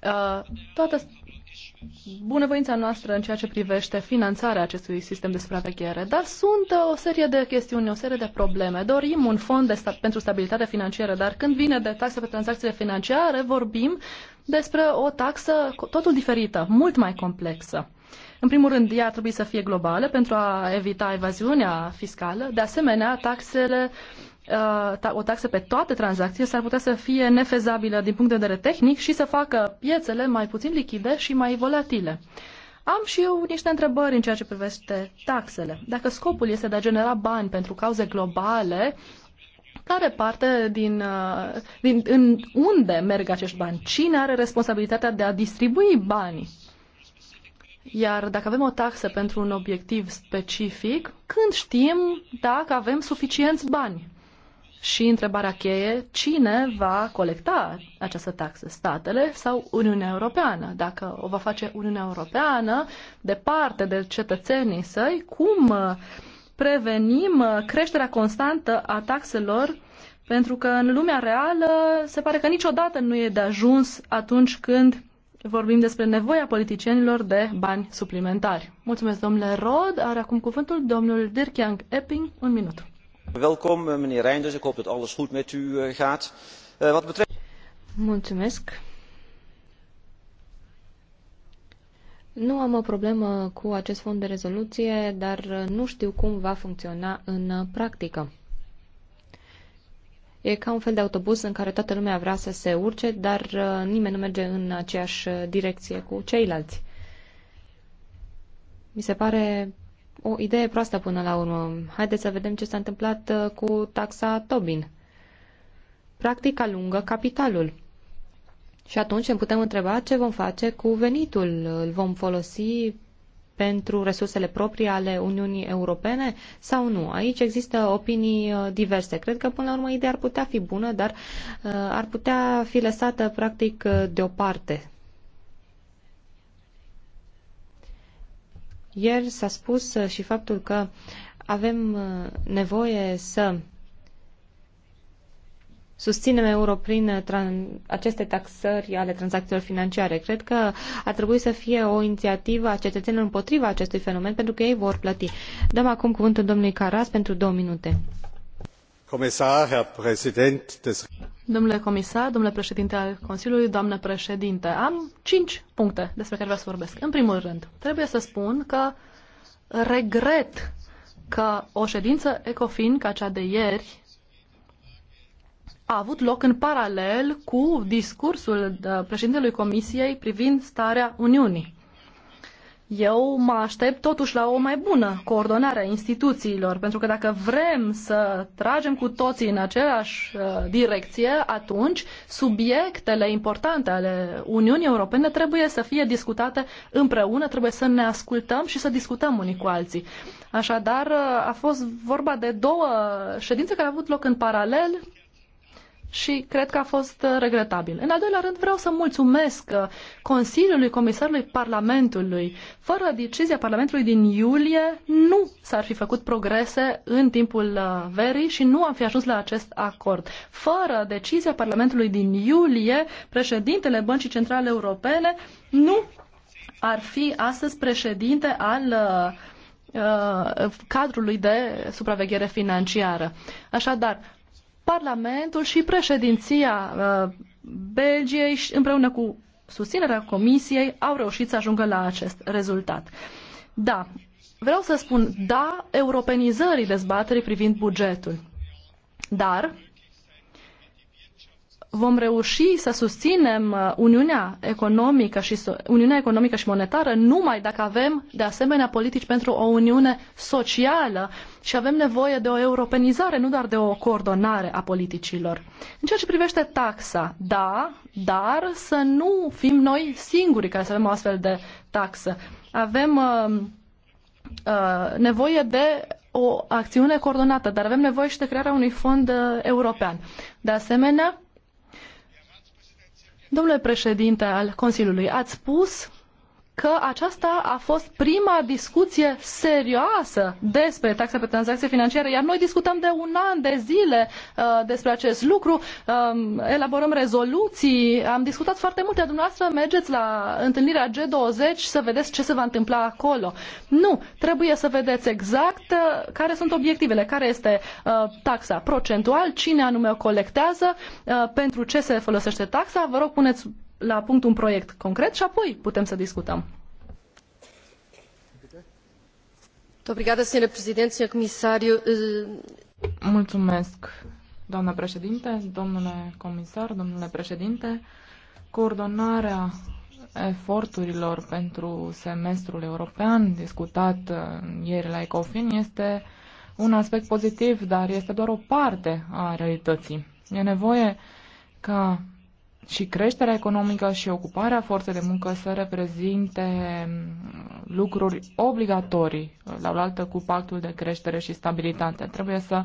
uh, toată bunăvoința noastră în ceea ce privește finanțarea acestui sistem de supraveghere, dar sunt uh, o serie de chestiuni, o serie de probleme. Dorim un fond de sta- pentru stabilitate financiară, dar când vine de taxe pe tranzacțiile financiare, vorbim despre o taxă totul diferită, mult mai complexă. În primul rând, ea ar trebui să fie globală pentru a evita evaziunea fiscală. De asemenea, taxele uh, o taxă pe toate tranzacțiile s-ar putea să fie nefezabilă din punct de vedere tehnic și să facă piețele mai puțin lichide și mai volatile. Am și eu niște întrebări în ceea ce privește taxele. Dacă scopul este de a genera bani pentru cauze globale, care parte din, uh, din în unde merg acești bani? Cine are responsabilitatea de a distribui banii? Iar dacă avem o taxă pentru un obiectiv specific, când știm dacă avem suficienți bani? Și întrebarea cheie, cine va colecta această taxă? Statele sau Uniunea Europeană? Dacă o va face Uniunea Europeană, departe de cetățenii săi, cum prevenim creșterea constantă a taxelor pentru că în lumea reală se pare că niciodată nu e de ajuns atunci când vorbim despre nevoia politicienilor de bani suplimentari. Mulțumesc, domnule Rod. Are acum cuvântul domnul Dirk-Jan Epping. Un minut. Welkom, meneer Reinders. Ik hoop dat alles goed met u eh, gaat. Eh, wat betreft... Mulțumesc. Nu am o problemă cu acest fond de rezoluție, dar eh, nu știu cum va funcționa în practică. E ca un fel de autobuz în care toată lumea vrea să se urce, dar uh, nimeni nu merge în aceeași uh, direcție cu ceilalți. Mi se pare o idee proastă până la urmă. Haideți să vedem ce s-a întâmplat uh, cu taxa Tobin. Practic alungă capitalul. Și atunci ne putem întreba ce vom face cu venitul. Îl vom folosi pentru resursele proprii ale Uniunii Europene sau nu. Aici există opinii uh, diverse. Cred că până la urmă ideea ar putea fi bună, dar uh, ar putea fi lăsată practic uh, deoparte. Ieri s-a spus și faptul că avem nevoie să susținem euro prin uh, aceste taxări ale tranzacțiilor financiare. Cred că ar trebui să fie o inițiativă a cetățenilor împotriva acestui fenomen, pentru că ei vor plăti. Dăm acum cuvântul domnului Caras pentru două minute. Comisar, Herr Präsident des... Domnule comisar, domnule președinte al Consiliului, doamnă președinte, am cinci puncte despre care vreau să vorbesc. În primul rând, trebuie să spun că regret că o ședință ECOFIN ca cea de ieri a avut loc în paralel cu discursul uh, președintelui Comisiei privind starea Uniunii. Eu mă aștept totuși la o mai bună coordonare a instituțiilor, pentru că dacă vrem să tragem cu toții în aceeași uh, direcție, atunci subiectele importante ale Uniunii Europene trebuie să fie discutate împreună, trebuie să ne ascultăm și să discutăm unii cu alții. Așadar, uh, a fost vorba de două ședințe care au avut loc în paralel și cred că a fost uh, regretabil. În al doilea rând, vreau să mulțumesc uh, Consiliului Comisarului Parlamentului. Fără decizia Parlamentului din iulie, nu s-ar fi făcut progrese în timpul uh, verii și nu am fi ajuns la acest acord. Fără decizia Parlamentului din iulie, președintele Băncii Centrale Europene nu ar fi astăzi președinte al uh, cadrului de supraveghere financiară. Așadar, Parlamentul și președinția uh, Belgiei împreună cu susținerea Comisiei au reușit să ajungă la acest rezultat. Da, vreau să spun da europenizării dezbaterii privind bugetul. Dar vom reuși să susținem uh, Uniunea Economică și, Uniunea Economică și Monetară numai dacă avem de asemenea politici pentru o Uniune socială și avem nevoie de o europenizare, nu doar de o coordonare a politicilor. În ceea ce privește taxa, da, dar să nu fim noi singuri care să avem o astfel de taxă. Avem uh, uh, nevoie de o acțiune coordonată, dar avem nevoie și de crearea unui fond uh, european. De asemenea, Domnule președinte al Consiliului, ați spus că aceasta a fost prima discuție serioasă despre taxa pe tranzacție financiare, iar noi discutăm de un an de zile uh, despre acest lucru, um, elaborăm rezoluții, am discutat foarte multe. Dumneavoastră mergeți la întâlnirea G20 să vedeți ce se va întâmpla acolo. Nu, trebuie să vedeți exact uh, care sunt obiectivele, care este uh, taxa procentual, cine anume o colectează, uh, pentru ce se folosește taxa. Vă rog, puneți la punct un proiect concret și apoi putem să discutăm. Eh, Mulțumesc, doamnă președinte, domnule comisar, domnule președinte. Coordonarea eforturilor pentru semestrul european discutat eh, ieri la ECOFIN este un aspect pozitiv, dar este doar o parte a realității. E nevoie ca și creșterea economică și ocuparea forței de muncă să reprezinte mm, lucruri obligatorii uh, la oaltă cu pactul de creștere și stabilitate. Trebuie să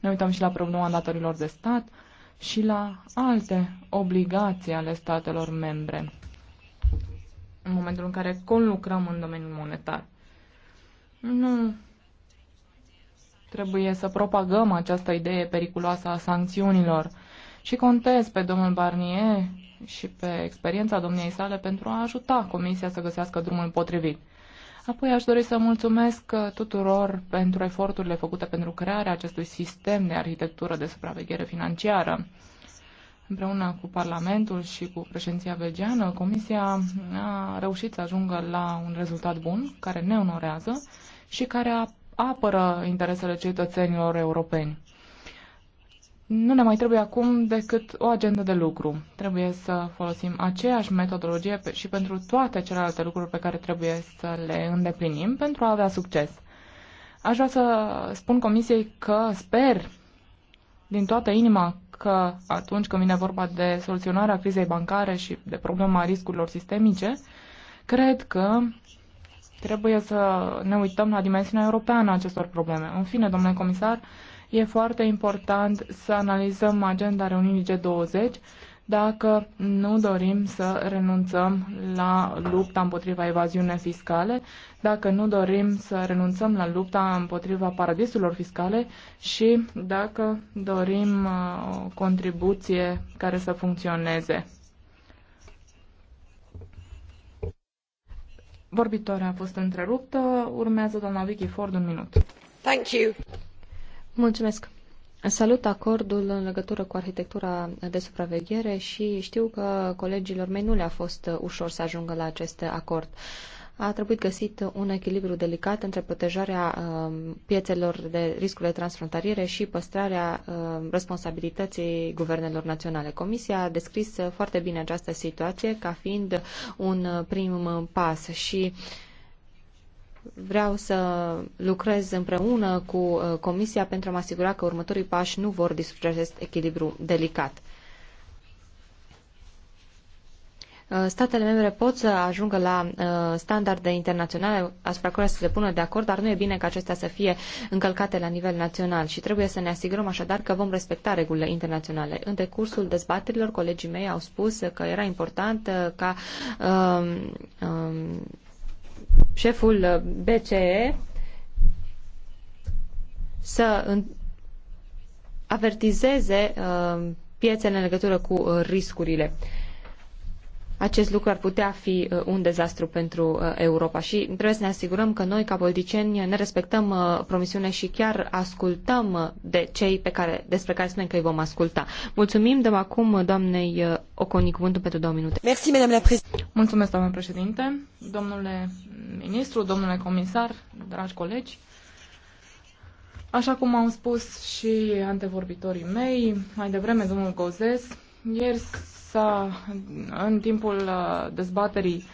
ne uităm și la problema datorilor de stat și la alte obligații ale statelor membre în momentul în care conlucrăm în domeniul monetar. Nu trebuie să propagăm această idee periculoasă a sancțiunilor și contez pe domnul Barnier și pe experiența domniei sale pentru a ajuta Comisia să găsească drumul potrivit. Apoi aș dori să mulțumesc tuturor pentru eforturile făcute pentru crearea acestui sistem de arhitectură de supraveghere financiară. Împreună cu Parlamentul și cu președinția belgeană, Comisia a reușit să ajungă la un rezultat bun, care ne onorează și care apără interesele cetățenilor europeni. Nu ne mai trebuie acum decât o agendă de lucru. Trebuie să folosim aceeași metodologie și pentru toate celelalte lucruri pe care trebuie să le îndeplinim pentru a avea succes. Aș vrea să spun Comisiei că sper din toată inima că atunci când vine vorba de soluționarea crizei bancare și de problema riscurilor sistemice, cred că trebuie să ne uităm la dimensiunea europeană a acestor probleme. În fine, domnule comisar, E foarte important să analizăm agenda reuniunii G20 dacă nu dorim să renunțăm la lupta împotriva evaziunii fiscale, dacă nu dorim să renunțăm la lupta împotriva paradisurilor fiscale și dacă dorim uh, o contribuție care să funcționeze. Vorbitoarea a fost întreruptă. Urmează doamna Vicky Ford un minut. Thank you. Mulțumesc. Salut acordul în legătură cu arhitectura de supraveghere și știu că colegilor mei nu le-a fost ușor să ajungă la acest acord. A trebuit găsit un echilibru delicat între protejarea um, piețelor de riscurile transfrontaliere și păstrarea um, responsabilității guvernelor naționale. Comisia a descris foarte bine această situație ca fiind un uh, prim pas și uh, vreau să lucrez împreună cu uh, Comisia pentru a mă asigura că următorii pași nu vor distruge acest echilibru delicat. Uh, statele membre pot să ajungă la uh, standarde internaționale asupra care să se pună de acord, dar nu e bine ca acestea să fie încălcate la nivel național și trebuie să ne asigurăm așadar că vom respecta regulile internaționale. În decursul dezbaterilor, colegii mei au spus că era important ca um, um, șeful uh, BCE să avertizeze uh, piețele în legătură cu uh, riscurile acest lucru ar putea fi uh, un dezastru pentru uh, Europa și trebuie să ne asigurăm că noi, ca politicieni, ne respectăm uh, promisiunea și chiar ascultăm de cei pe care, despre care spunem că îi vom asculta. Mulțumim, dăm acum doamnei Oconi cuvântul pentru două minute. Merci, la Mulțumesc, doamnă președinte, domnule ministru, domnule comisar, dragi colegi. Așa cum au spus și antevorbitorii mei, mai devreme domnul Gozes, ieri s-a, în timpul uh, dezbaterii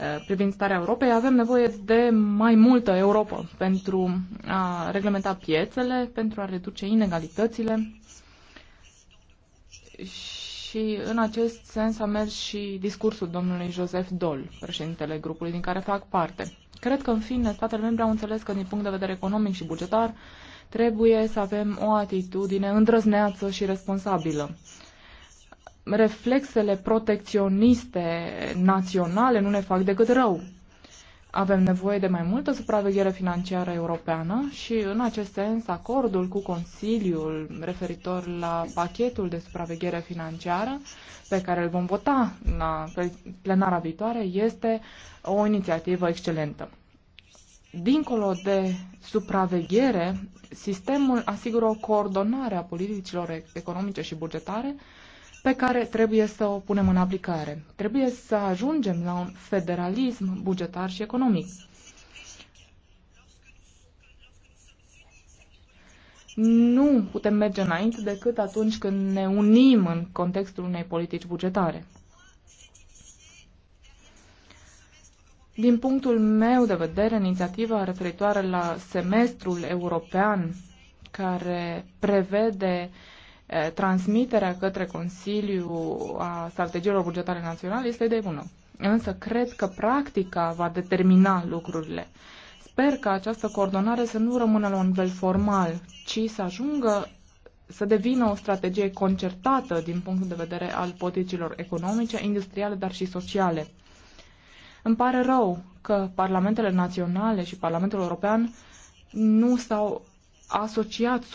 uh, privind starea Europei, avem nevoie de mai multă Europa pentru a reglementa piețele, pentru a reduce inegalitățile și în acest sens a mers și discursul domnului Joseph Dol, președintele grupului din care fac parte. Cred că, în fine, statele membre au înțeles că, din punct de vedere economic și bugetar, trebuie să avem o atitudine îndrăzneață și responsabilă reflexele protecționiste naționale nu ne fac decât rău. Avem nevoie de mai multă supraveghere financiară europeană și, în acest sens, acordul cu Consiliul referitor la pachetul de supraveghere financiară pe care îl vom vota la plenara viitoare este o inițiativă excelentă. Dincolo de supraveghere, sistemul asigură o coordonare a politicilor economice și bugetare pe care trebuie să o punem în aplicare. Trebuie să ajungem la un federalism bugetar și economic. Nu putem merge înainte decât atunci când ne unim în contextul unei politici bugetare. Din punctul meu de vedere, inițiativa referitoare la semestrul european care prevede uh, Eh, transmiterea către Consiliu a strategiilor bugetare naționale este de bună. Însă cred că practica va determina lucrurile. Sper că această coordonare să nu rămână la un nivel formal, ci să ajungă să devină o strategie concertată din punctul de vedere al politicilor economice, industriale, dar și sociale. Îmi pare rău că parlamentele naționale și Parlamentul European nu s-au asociat 100%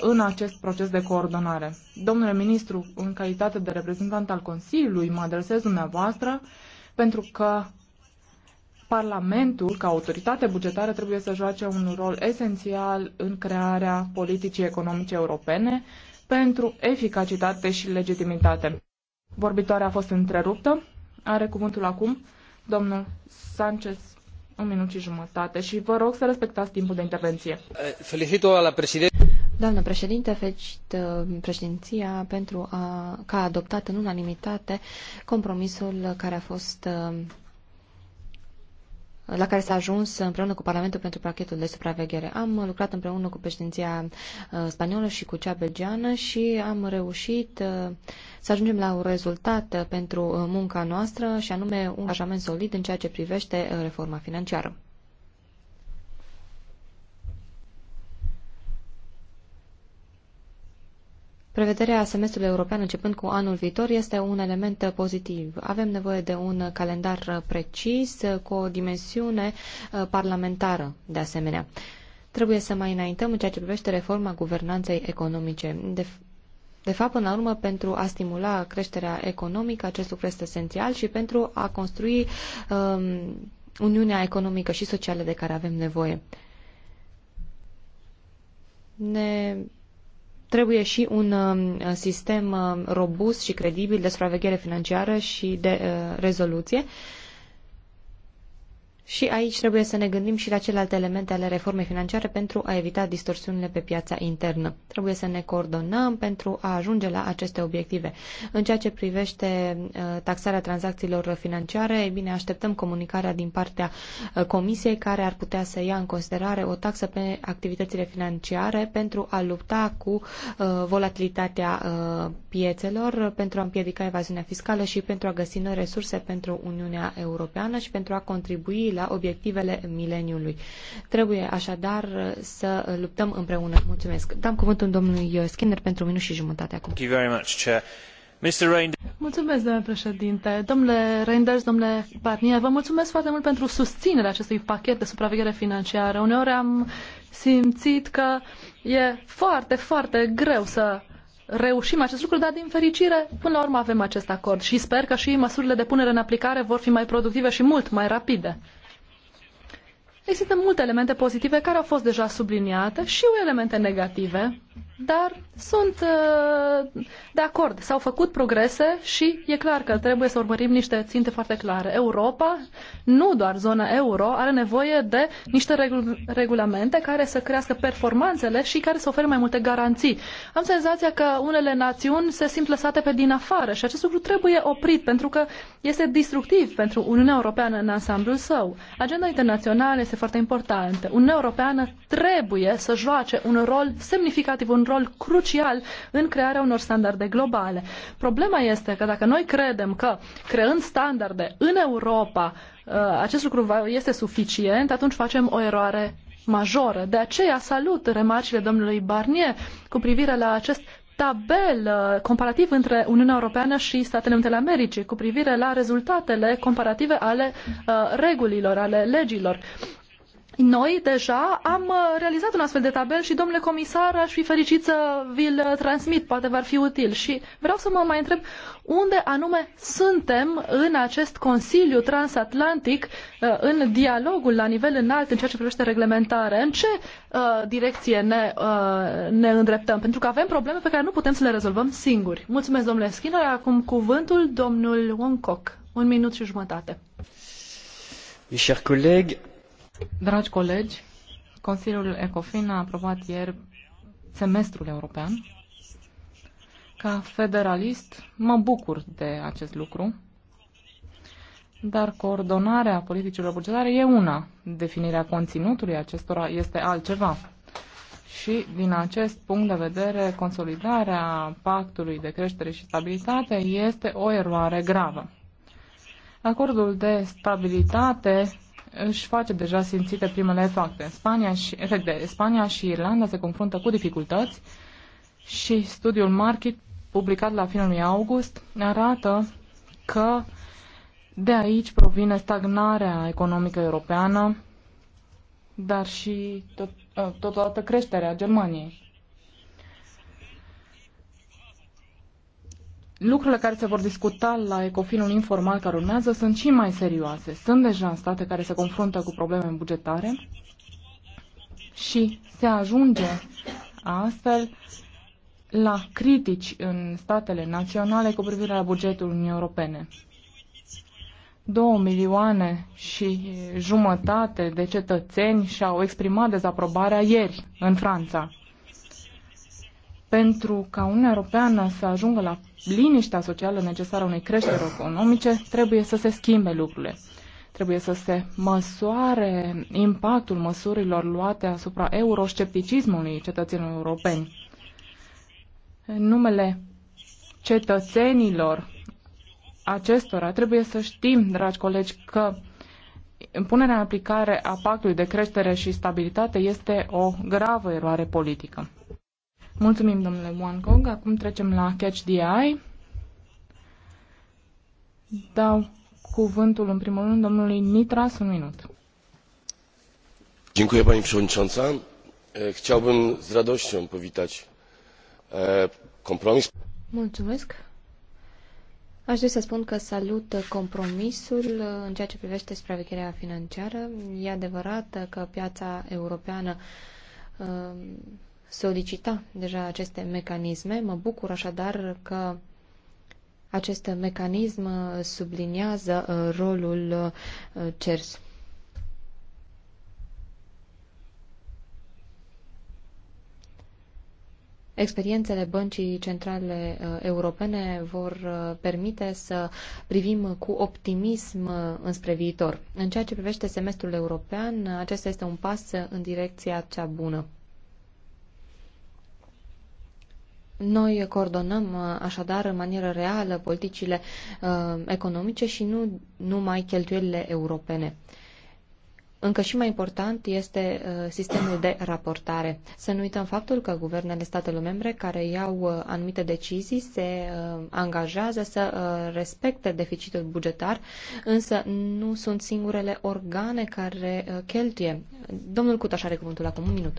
în acest proces de coordonare. Domnule ministru, în calitate de reprezentant al Consiliului, mă adresez dumneavoastră pentru că Parlamentul, ca autoritate bugetară, trebuie să joace un rol esențial în crearea politicii economice europene pentru eficacitate și legitimitate. Vorbitoarea a fost întreruptă. Are cuvântul acum domnul Sanchez un minut și jumătate și vă rog să respectați timpul de intervenție. Eh, felicito la președinte. Doamnă președinte, felicit eh, președinția pentru a, că a adoptat în unanimitate compromisul care a fost eh, la care s-a ajuns împreună cu Parlamentul pentru pachetul de supraveghere. Am lucrat împreună cu președinția uh, spaniolă și cu cea belgiană și am reușit uh, să ajungem la un rezultat uh, pentru munca noastră și anume un angajament solid în ceea ce privește reforma financiară. Prevederea semestrului european începând cu anul viitor este un element pozitiv. Avem nevoie de un calendar precis, cu o dimensiune uh, parlamentară, de asemenea. Trebuie să mai înaintăm în ceea ce privește reforma guvernanței economice. De de fapt, până la urmă, pentru a stimula creșterea economică, acest lucru este esențial și pentru a construi um, uniunea economică și socială de care avem nevoie. Ne trebuie și un um, sistem um, robust și credibil de supraveghere financiară și de uh, rezoluție și aici trebuie să ne gândim și la celelalte elemente ale reformei financiare pentru a evita distorsiunile pe piața internă. Trebuie să ne coordonăm pentru a ajunge la aceste obiective. În ceea ce privește uh, taxarea tranzacțiilor financiare, e bine, așteptăm comunicarea din partea uh, Comisiei care ar putea să ia în considerare o taxă pe activitățile financiare pentru a lupta cu uh, volatilitatea piețelor, pentru a împiedica evaziunea fiscală și pentru a găsi noi resurse pentru Uniunea Europeană și pentru a contribui la la obiectivele mileniului. Trebuie așadar să luptăm împreună. Mulțumesc. Dăm cuvântul domnului Skinner pentru minut și jumătate acum. Thank you very much, Chair. Mulțumesc, domnule președinte. Domnule Reinders, domnule Barnier, vă mulțumesc foarte mult pentru susținerea acestui pachet de supraveghere financiară. Uneori am simțit că e foarte, foarte greu să reușim acest lucru, dar din fericire, până la urmă avem acest acord și sper că și măsurile de punere în aplicare vor fi mai productive și mult mai rapide. Există multe elemente pozitive care au fost deja subliniate și elemente negative dar sunt uh, de acord. S-au făcut progrese și e clar că trebuie să urmărim niște ținte foarte clare. Europa, nu doar zona euro, are nevoie de niște regul regulamente care să crească performanțele și care să ofere mai multe garanții. Am senzația că unele națiuni se simt lăsate pe din afară și acest lucru trebuie oprit pentru că este distructiv pentru Uniunea Europeană în ansamblul său. Agenda internațională este foarte importantă. Uniunea Europeană trebuie să joace un rol semnificativ, un rol crucial în crearea unor standarde globale. Problema este că dacă noi credem că creând standarde în Europa uh, acest lucru este suficient, atunci facem o eroare majoră. De aceea salut remarcile domnului Barnier cu privire la acest tabel uh, comparativ între Uniunea Europeană și Statele Unite ale Americii cu privire la rezultatele comparative ale uh, regulilor, ale legilor. Noi deja am uh, realizat un astfel de tabel și, domnule comisar, aș fi fericit să vi-l uh, transmit, poate ar fi util. Și vreau să mă mai întreb unde anume suntem în acest Consiliu Transatlantic, uh, în dialogul la nivel înalt în ceea ce privește reglementare, în ce direcție ne, ne îndreptăm, pentru că avem probleme pe care nu putem să le rezolvăm singuri. Mulțumesc, domnule Skinner. Acum cuvântul domnul Wong Kok. Un minut și jumătate. Mes chers collègues, Dragi colegi, Consiliul ECOFIN a aprobat ieri semestrul european. Ca federalist, mă bucur de acest lucru, dar coordonarea politicilor bugetare e una. Definirea conținutului acestora este altceva. Și, din acest punct de vedere, consolidarea pactului de creștere și stabilitate este o eroare gravă. Acordul de stabilitate își face deja simțite primele efecte. Spania și, efecte. Eh, Spania și Irlanda se confruntă cu dificultăți și studiul Market, publicat la finalul lui august, arată că de aici provine stagnarea economică europeană, dar și tot, eh, totodată creșterea Germaniei. lucrurile care se vor discuta la ecofinul informal care urmează sunt și mai serioase. Sunt deja state care se confruntă cu probleme bugetare și se ajunge astfel la critici în statele naționale cu privire la bugetul Uniunii Europene. 2 milioane și jumătate de cetățeni și-au exprimat dezaprobarea ieri în Franța. Pentru ca Uniunea Europeană să ajungă la liniștea socială necesară unei creșteri economice, trebuie să se schimbe lucrurile. Trebuie să se măsoare impactul măsurilor luate asupra euroscepticismului cetățenilor europeni. În numele cetățenilor acestora trebuie să știm, dragi colegi, că punerea în aplicare a pactului de creștere și stabilitate este o gravă eroare politică. Mulțumim, domnule Wangong. Acum trecem la Catch the Eye. Dau cuvântul în primul rând domnului Nitras, un minut. Dziękuję Pani Przewodnicząca. Chciałbym z radością powitać kompromis. Mulțumesc. Aș dori să spun că salut compromisul în ceea ce privește supravegherea financiară. E adevărat că piața europeană solicita deja aceste mecanisme. Mă bucur așadar că acest mecanism subliniază uh, rolul uh, CERS. Experiențele Băncii Centrale uh, Europene vor permite să privim cu optimism înspre viitor. În ceea ce privește semestrul european, acesta este un pas în direcția cea bună. Noi coordonăm uh, așadar în manieră reală politicile uh, economice și nu numai cheltuielile europene. Încă și mai important este uh, sistemul de raportare. Să nu uităm faptul că guvernele statelor membre care iau uh, anumite decizii se angajează să respecte deficitul bugetar, însă nu sunt singurele organe care cheltuie. Domnul Cutaș are cuvântul acum un minut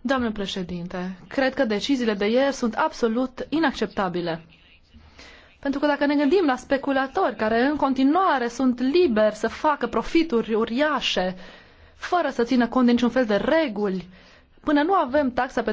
Doamnă președinte, cred că deciziile de ieri sunt absolut inacceptabile. Pentru că dacă ne gândim la speculatori care în continuare sunt liberi să facă profituri uriașe, fără să țină cont de niciun fel de reguli, până nu avem taxa pe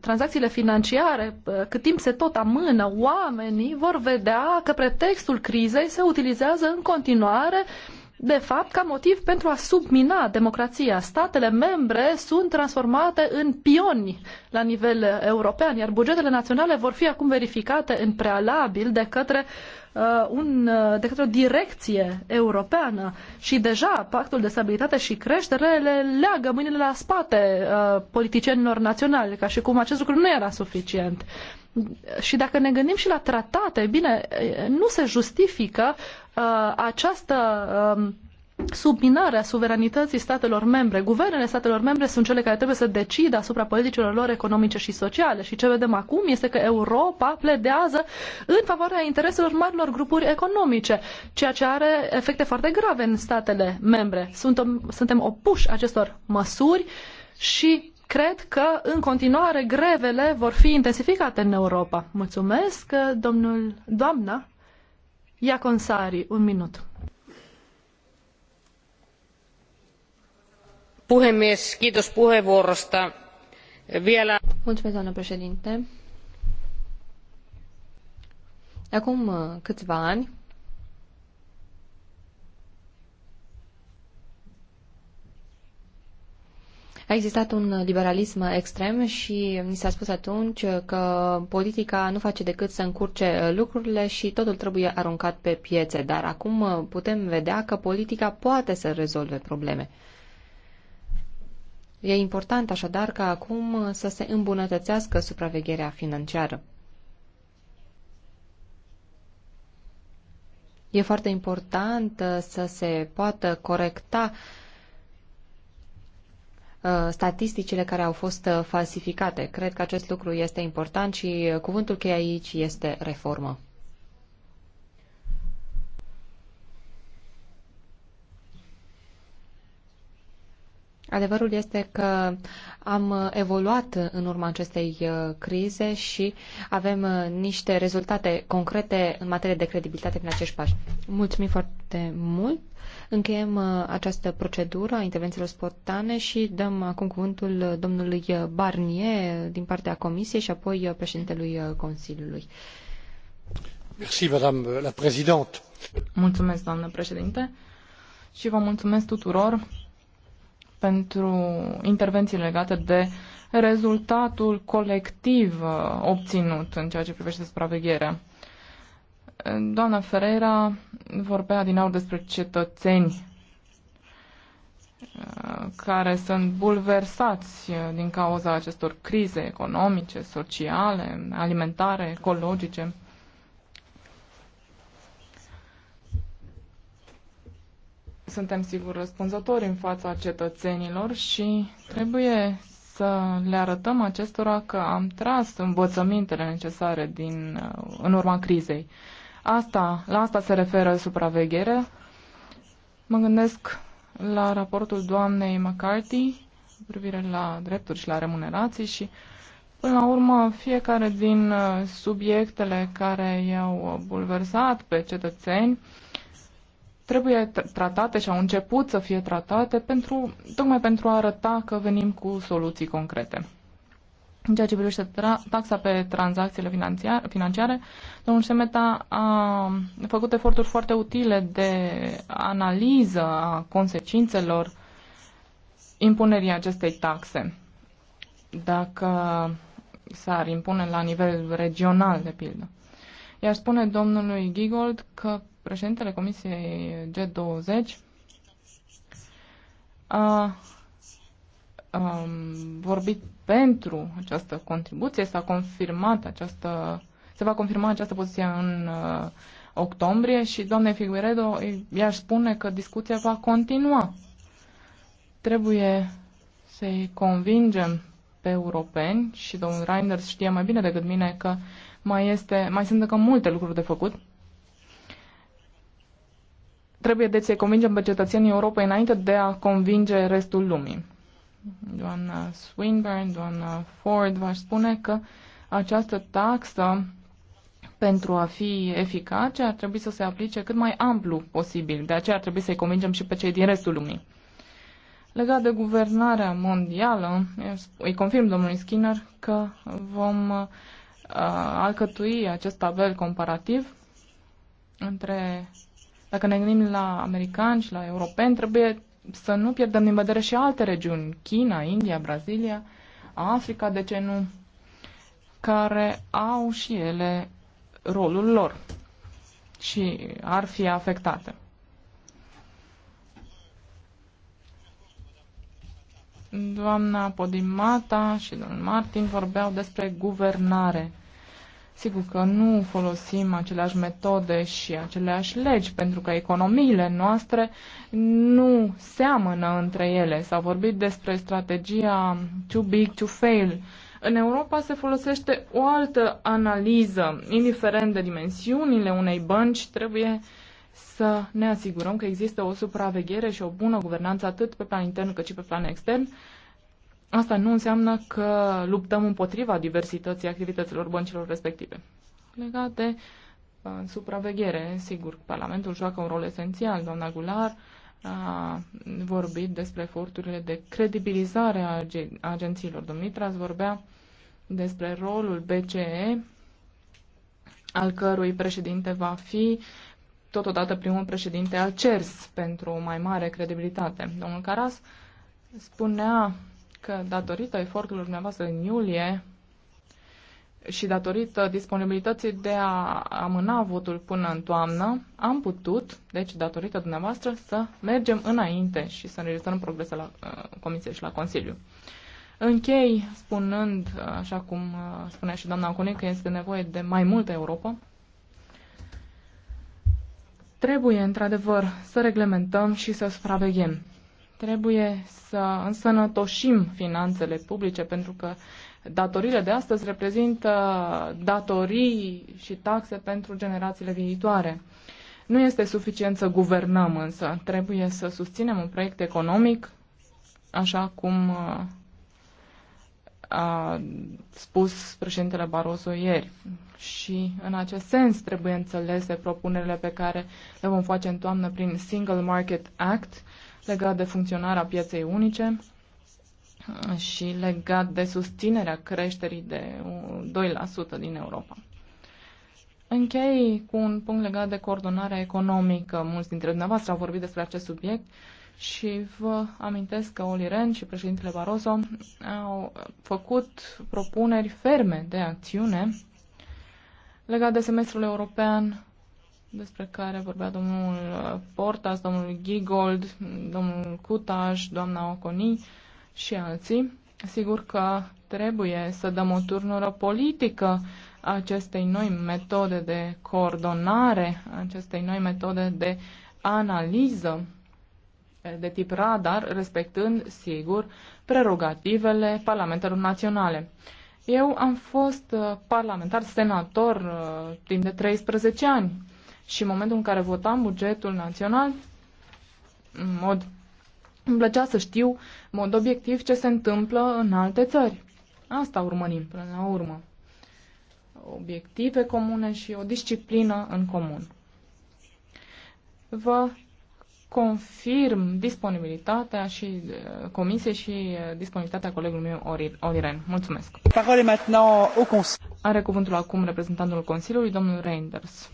tranzacțiile financiare, cât timp se tot amână, oamenii vor vedea că pretextul crizei se utilizează în continuare uh, de fapt, ca motiv pentru a submina democrația. Statele membre sunt transformate în pioni la nivel european, iar bugetele naționale vor fi acum verificate în prealabil de către Uh, un, uh, de către o direcție europeană și deja pactul de stabilitate și creștere le leagă mâinile la spate uh, politicienilor naționali, ca și cum acest lucru nu era suficient. Și dacă ne gândim și la tratate, bine, nu se justifică uh, această uh, subminarea suveranității statelor membre. Guvernele statelor membre sunt cele care trebuie să decidă asupra politicilor lor economice și sociale și ce vedem acum este că Europa pledează în favoarea intereselor marilor grupuri economice, ceea ce are efecte foarte grave în statele membre. Suntem, suntem opuși acestor măsuri și cred că în continuare grevele vor fi intensificate în Europa. Mulțumesc, domnul, doamna Iaconsari, un minut. puhemies kiitos puheenvuorosta. vielä. Mulțumesc, președinte. Acum uh, câțiva ani, A existat un liberalism extrem și ni s-a spus atunci că politica nu face decât să încurce uh, lucrurile și totul trebuie aruncat pe piețe, dar acum uh, putem vedea că politica poate să rezolve probleme. E important așadar ca acum să se îmbunătățească supravegherea financiară. E foarte important uh, să se poată corecta uh, statisticile care au fost uh, falsificate. Cred că acest lucru este important și cuvântul cheie aici este reformă. Adevărul este că am evoluat în urma acestei uh, crize și avem uh, niște rezultate concrete în materie de credibilitate prin acești pași. Mulțumim foarte mult. Încheiem uh, această procedură a intervențiilor spontane și dăm acum cuvântul domnului Barnier din partea Comisiei și apoi președintelui Consiliului. Merci, madame la Mulțumesc, doamnă președinte, și vă mulțumesc tuturor pentru intervenții legate de rezultatul colectiv uh, obținut în ceea ce privește supravegherea. Doamna Ferreira vorbea din aur despre cetățeni uh, care sunt bulversați uh, din cauza acestor crize economice, sociale, alimentare, ecologice. suntem sigur răspunzători în fața cetățenilor și trebuie să le arătăm acestora că am tras învățămintele necesare din, uh, în urma crizei. Asta, la asta se referă supraveghere. Mă gândesc la raportul doamnei McCarthy cu privire la drepturi și la remunerații și Până la urmă, fiecare din uh, subiectele care i-au uh, bulversat pe cetățeni trebuie tratate și au început să fie tratate pentru, tocmai pentru a arăta că venim cu soluții concrete. În ceea ce privește taxa pe tranzacțiile financiar financiare, domnul Semeta a făcut eforturi foarte utile de analiză a consecințelor impunerii acestei taxe. Dacă s-ar impune la nivel regional, de pildă. Iar spune domnului Gigold că președintele Comisiei G20 a, a vorbit pentru această contribuție, s-a confirmat această, se va confirma această poziție în uh, octombrie și doamne Figueredo i spune că discuția va continua. Trebuie să-i convingem pe europeni și domnul Reinders știe mai bine decât mine că mai, este, mai sunt încă multe lucruri de făcut trebuie de să-i convingem pe cetățenii Europei înainte de a convinge restul lumii. Doamna Swinburne, doamna Ford v-aș spune că această taxă pentru a fi eficace ar trebui să se aplice cât mai amplu posibil. De aceea ar trebui să-i convingem și pe cei din restul lumii. Legat de guvernarea mondială, îi confirm domnului Skinner că vom uh, alcătui acest tabel comparativ între dacă ne gândim la americani și la europeni, trebuie să nu pierdem din vedere și alte regiuni, China, India, Brazilia, Africa, de ce nu, care au și ele rolul lor și ar fi afectate. Doamna Podimata și domnul Martin vorbeau despre guvernare. Sigur că nu folosim aceleași metode și aceleași legi, pentru că economiile noastre nu seamănă între ele. S-a vorbit despre strategia too big to fail. În Europa se folosește o altă analiză. Indiferent de dimensiunile unei bănci, trebuie să ne asigurăm că există o supraveghere și o bună guvernanță atât pe plan intern cât și pe plan extern Asta nu înseamnă că luptăm împotriva diversității activităților băncilor respective. Legat de uh, supraveghere, sigur, Parlamentul joacă un rol esențial. Doamna Gular a vorbit despre eforturile de credibilizare a agențiilor agențiilor. Dumitras vorbea despre rolul BCE, al cărui președinte va fi totodată primul președinte al CERS pentru o mai mare credibilitate. Domnul Caras spunea că datorită eforturilor dumneavoastră în iulie și datorită disponibilității de a amâna votul până în toamnă, am putut, deci datorită dumneavoastră, să mergem înainte și să înregistrăm progrese la uh, Comisie și la Consiliu. Închei spunând, uh, așa cum uh, spunea și doamna Cunic, că este nevoie de mai multă Europa. Trebuie, într-adevăr, să reglementăm și să supraveghem. Trebuie să însănătoșim finanțele publice pentru că datorile de astăzi reprezintă datorii și taxe pentru generațiile viitoare. Nu este suficient să guvernăm însă, trebuie să susținem un proiect economic, așa cum uh, a spus președintele Barroso ieri. Și în acest sens trebuie înțelese propunerile pe care le vom face în toamnă prin Single Market Act, legat de funcționarea pieței unice și legat de susținerea creșterii de 2% din Europa. Închei cu un punct legat de coordonarea economică. Mulți dintre dumneavoastră au vorbit despre acest subiect și vă amintesc că Oli Ren și președintele Barroso au făcut propuneri ferme de acțiune legat de semestrul european despre care vorbea domnul uh, Portas, domnul Gigold, domnul Cutaș, doamna Oconi și alții. Sigur că trebuie să dăm o turnură politică acestei noi metode de coordonare, acestei noi metode de analiză de tip radar, respectând, sigur, prerogativele parlamentelor naționale. Eu am fost uh, parlamentar senator uh, timp de 13 ani și în momentul în care votam bugetul național, în mod, îmi plăcea să știu, în mod obiectiv, ce se întâmplă în alte țări. Asta urmărim până la urmă. Obiective comune și o disciplină în comun. Vă confirm disponibilitatea și eh, comisiei și eh, disponibilitatea colegului meu Oliren. Mulțumesc. Are cuvântul acum reprezentantul Consiliului, domnul Reinders.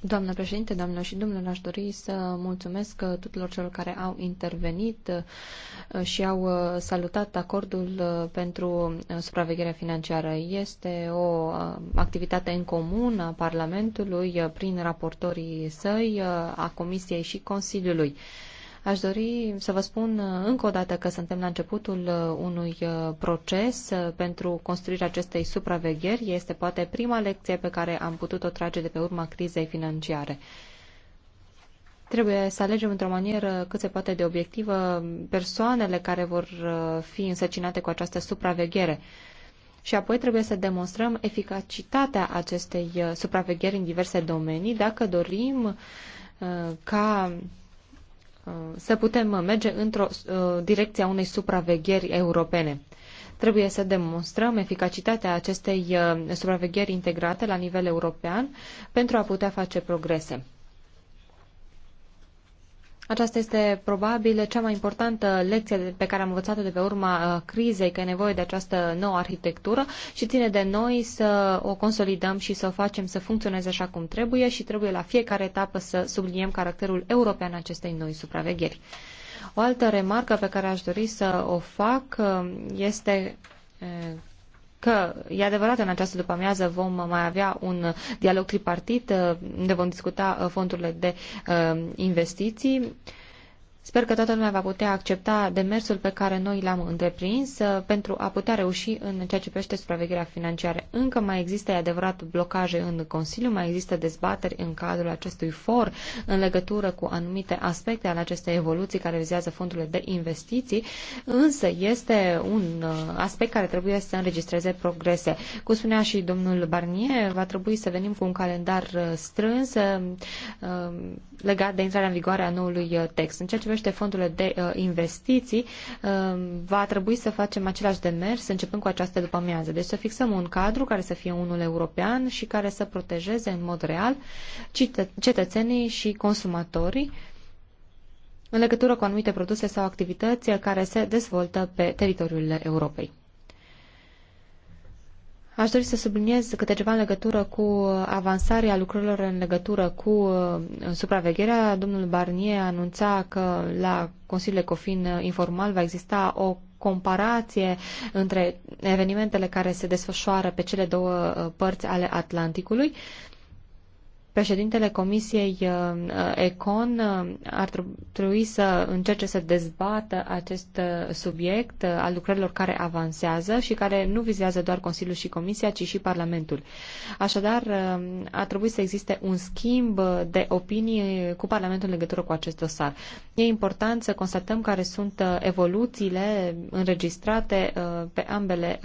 Doamnă președinte, doamnă și domnule, aș dori să mulțumesc tuturor celor care au intervenit uh, și au uh, salutat acordul uh, pentru supravegherea financiară. Este o activitate în comun a Parlamentului prin raportorii săi, a Comisiei și Consiliului. Aș dori să vă spun uh, încă o dată că suntem la începutul uh, unui uh, proces pentru construirea acestei supravegheri. Este poate prima lecție pe care am putut-o trage de pe urma crizei financiare. Trebuie să alegem într-o manieră cât se poate de obiectivă persoanele care vor fi însăcinate cu această supraveghere. Și apoi trebuie să demonstrăm eficacitatea acestei supravegheri în diverse domenii dacă dorim ca Uh, să putem merge într-o uh, direcție a unei supravegheri europene. Trebuie să demonstrăm eficacitatea acestei uh, supravegheri integrate la nivel european pentru a putea face progrese. Aceasta este probabil cea mai importantă lecție pe care am învățat-o de pe urma uh, crizei, că e nevoie de această nouă arhitectură și ține de noi să o consolidăm și să o facem să funcționeze așa cum trebuie și trebuie la fiecare etapă să subliniem caracterul european acestei noi supravegheri. O altă remarcă pe care aș dori să o fac uh, este uh, că e adevărat în această după-amiază vom mai avea un dialog tripartit unde vom discuta uh, fondurile de uh, investiții. Sper că toată lumea va putea accepta demersul pe care noi l-am întreprins uh, pentru a putea reuși în ceea ce privește supravegherea financiară. Încă mai există adevărat blocaje în Consiliu, mai există dezbateri în cadrul acestui for în legătură cu anumite aspecte ale acestei evoluții care vizează fondurile de investiții, însă este un uh, aspect care trebuie să înregistreze progrese. Cum spunea și domnul Barnier, va trebui să venim cu un calendar uh, strâns legat de intrarea în vigoare a noului text. În ceea ce privește fondurile de uh, investiții, uh, va trebui să facem același demers începând cu această după amiază. Deci să fixăm un cadru care să fie unul european și care să protejeze în mod real cetățenii și consumatorii în legătură cu anumite produse sau activități care se dezvoltă pe teritoriul Europei. Aș dori să subliniez câte ceva în legătură cu avansarea lucrurilor în legătură cu uh, supravegherea. Domnul Barnier anunța că la Consiliul Ecofin uh, informal va exista o comparație între evenimentele care se desfășoară pe cele două uh, părți ale Atlanticului. Uh, președintele Comisiei uh, uh, Econ uh, ar trebui să încerce să dezbată acest subiect al lucrărilor care avansează și care nu vizează doar Consiliul și Comisia, ci și Parlamentul. Așadar, ar trebui să existe un schimb de opinii cu Parlamentul în legătură cu acest dosar. E important să constatăm care sunt evoluțiile înregistrate pe ambele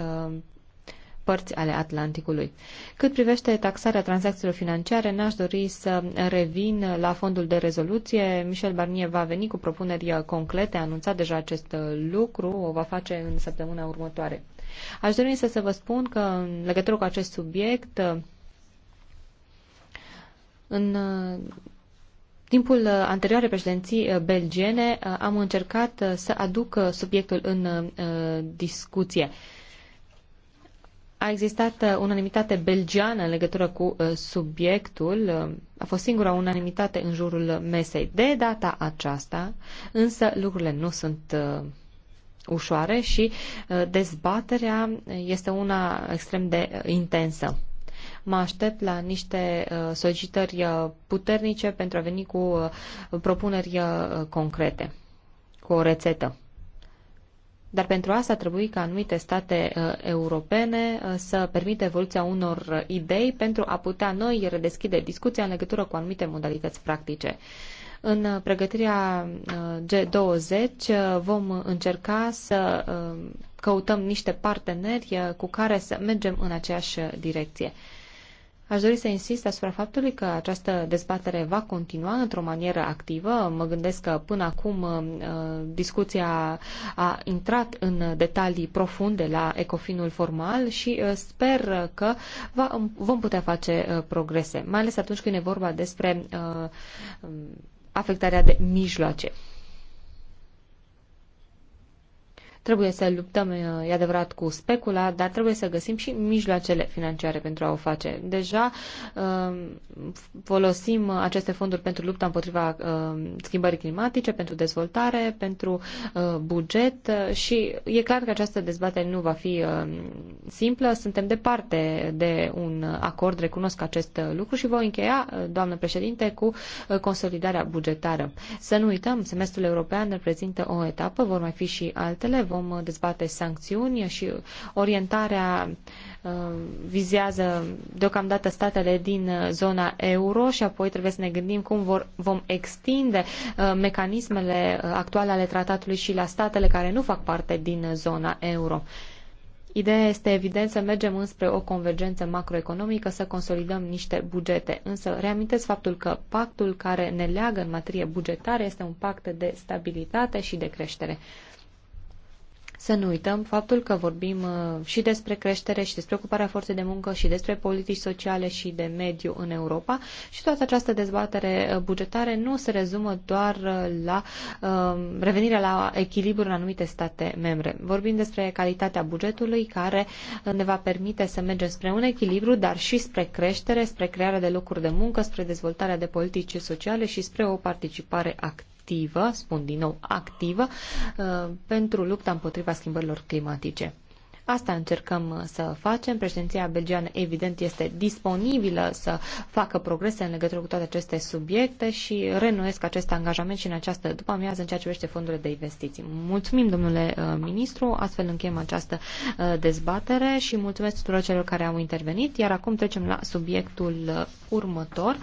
părți ale Atlanticului. Cât privește taxarea tranzacțiilor financiare, n-aș dori să revin la fondul de rezoluție. Michel Barnier va veni cu propuneri concrete, a anunțat deja acest lucru, o va face în săptămâna următoare. Aș dori să, vă spun că în legătură cu acest subiect, în timpul anterioare președinții belgiene am încercat să aduc subiectul în uh, discuție. A existat uh, unanimitate belgiană în legătură cu uh, subiectul, uh, a fost singura unanimitate în jurul mesei. De data aceasta, însă lucrurile nu sunt ușoare și dezbaterea este una extrem de intensă. Mă aștept la niște solicitări puternice pentru a veni cu propuneri concrete, cu o rețetă. Dar pentru asta trebuie ca anumite state uh, europene uh, să permită evoluția unor idei pentru a putea noi redeschide discuția în legătură cu anumite modalități practice. În pregătirea uh, G20 vom încerca să căutăm niște parteneri cu care să mergem în aceeași direcție. Aș dori să insist asupra faptului că această dezbatere va continua într-o manieră activă. Mă gândesc că până acum uh, discuția a intrat în detalii profunde la ecofinul formal și uh, sper că va, vom putea face uh, progrese, mai ales atunci când e vorba despre um, afectarea de mijloace. Trebuie să luptăm, e adevărat, cu specula, dar trebuie să găsim și mijloacele financiare pentru a o face. Deja um, folosim aceste fonduri pentru lupta împotriva um, schimbării climatice, pentru dezvoltare, pentru uh, buget uh, și e clar că această dezbatere nu va fi um, simplă. Suntem departe de un acord, recunosc acest lucru și voi încheia, uh, doamnă președinte, cu consolidarea bugetară. Să nu uităm, semestrul european reprezintă o etapă, vor mai fi și altele, vom dezbate sancțiuni și orientarea uh, vizează deocamdată statele din zona euro și apoi trebuie să ne gândim cum vor, vom extinde uh, mecanismele uh, actuale ale tratatului și la statele care nu fac parte din zona euro. Ideea este evident să mergem înspre o convergență macroeconomică, să consolidăm niște bugete, însă reamintesc faptul că pactul care ne leagă în materie bugetară este un pact de stabilitate și de creștere să nu uităm faptul că vorbim uh, și despre creștere și despre ocuparea forței de muncă și despre politici sociale și de mediu în Europa și toată această dezbatere uh, bugetare nu se rezumă doar uh, la revenirea la echilibru în anumite state membre. Vorbim despre calitatea bugetului care ne va permite să mergem spre un echilibru, dar și spre creștere, spre crearea de locuri de muncă, spre dezvoltarea de politici sociale și spre o participare activă activă, spun din nou activă, uh, pentru lupta împotriva schimbărilor climatice. Asta încercăm să facem. Președinția belgiană, evident, este disponibilă să facă progrese în legătură cu toate aceste subiecte și renuiesc acest angajament și în această după amiază în ceea ce privește fondurile de investiții. Mulțumim, domnule uh, ministru, astfel încheiem această uh, dezbatere și mulțumesc tuturor celor care au intervenit, iar acum trecem la subiectul următor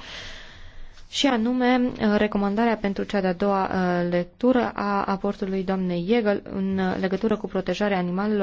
și anume uh, recomandarea pentru cea de-a doua uh, lectură a aportului doamnei Iegel în uh, legătură cu protejarea animalelor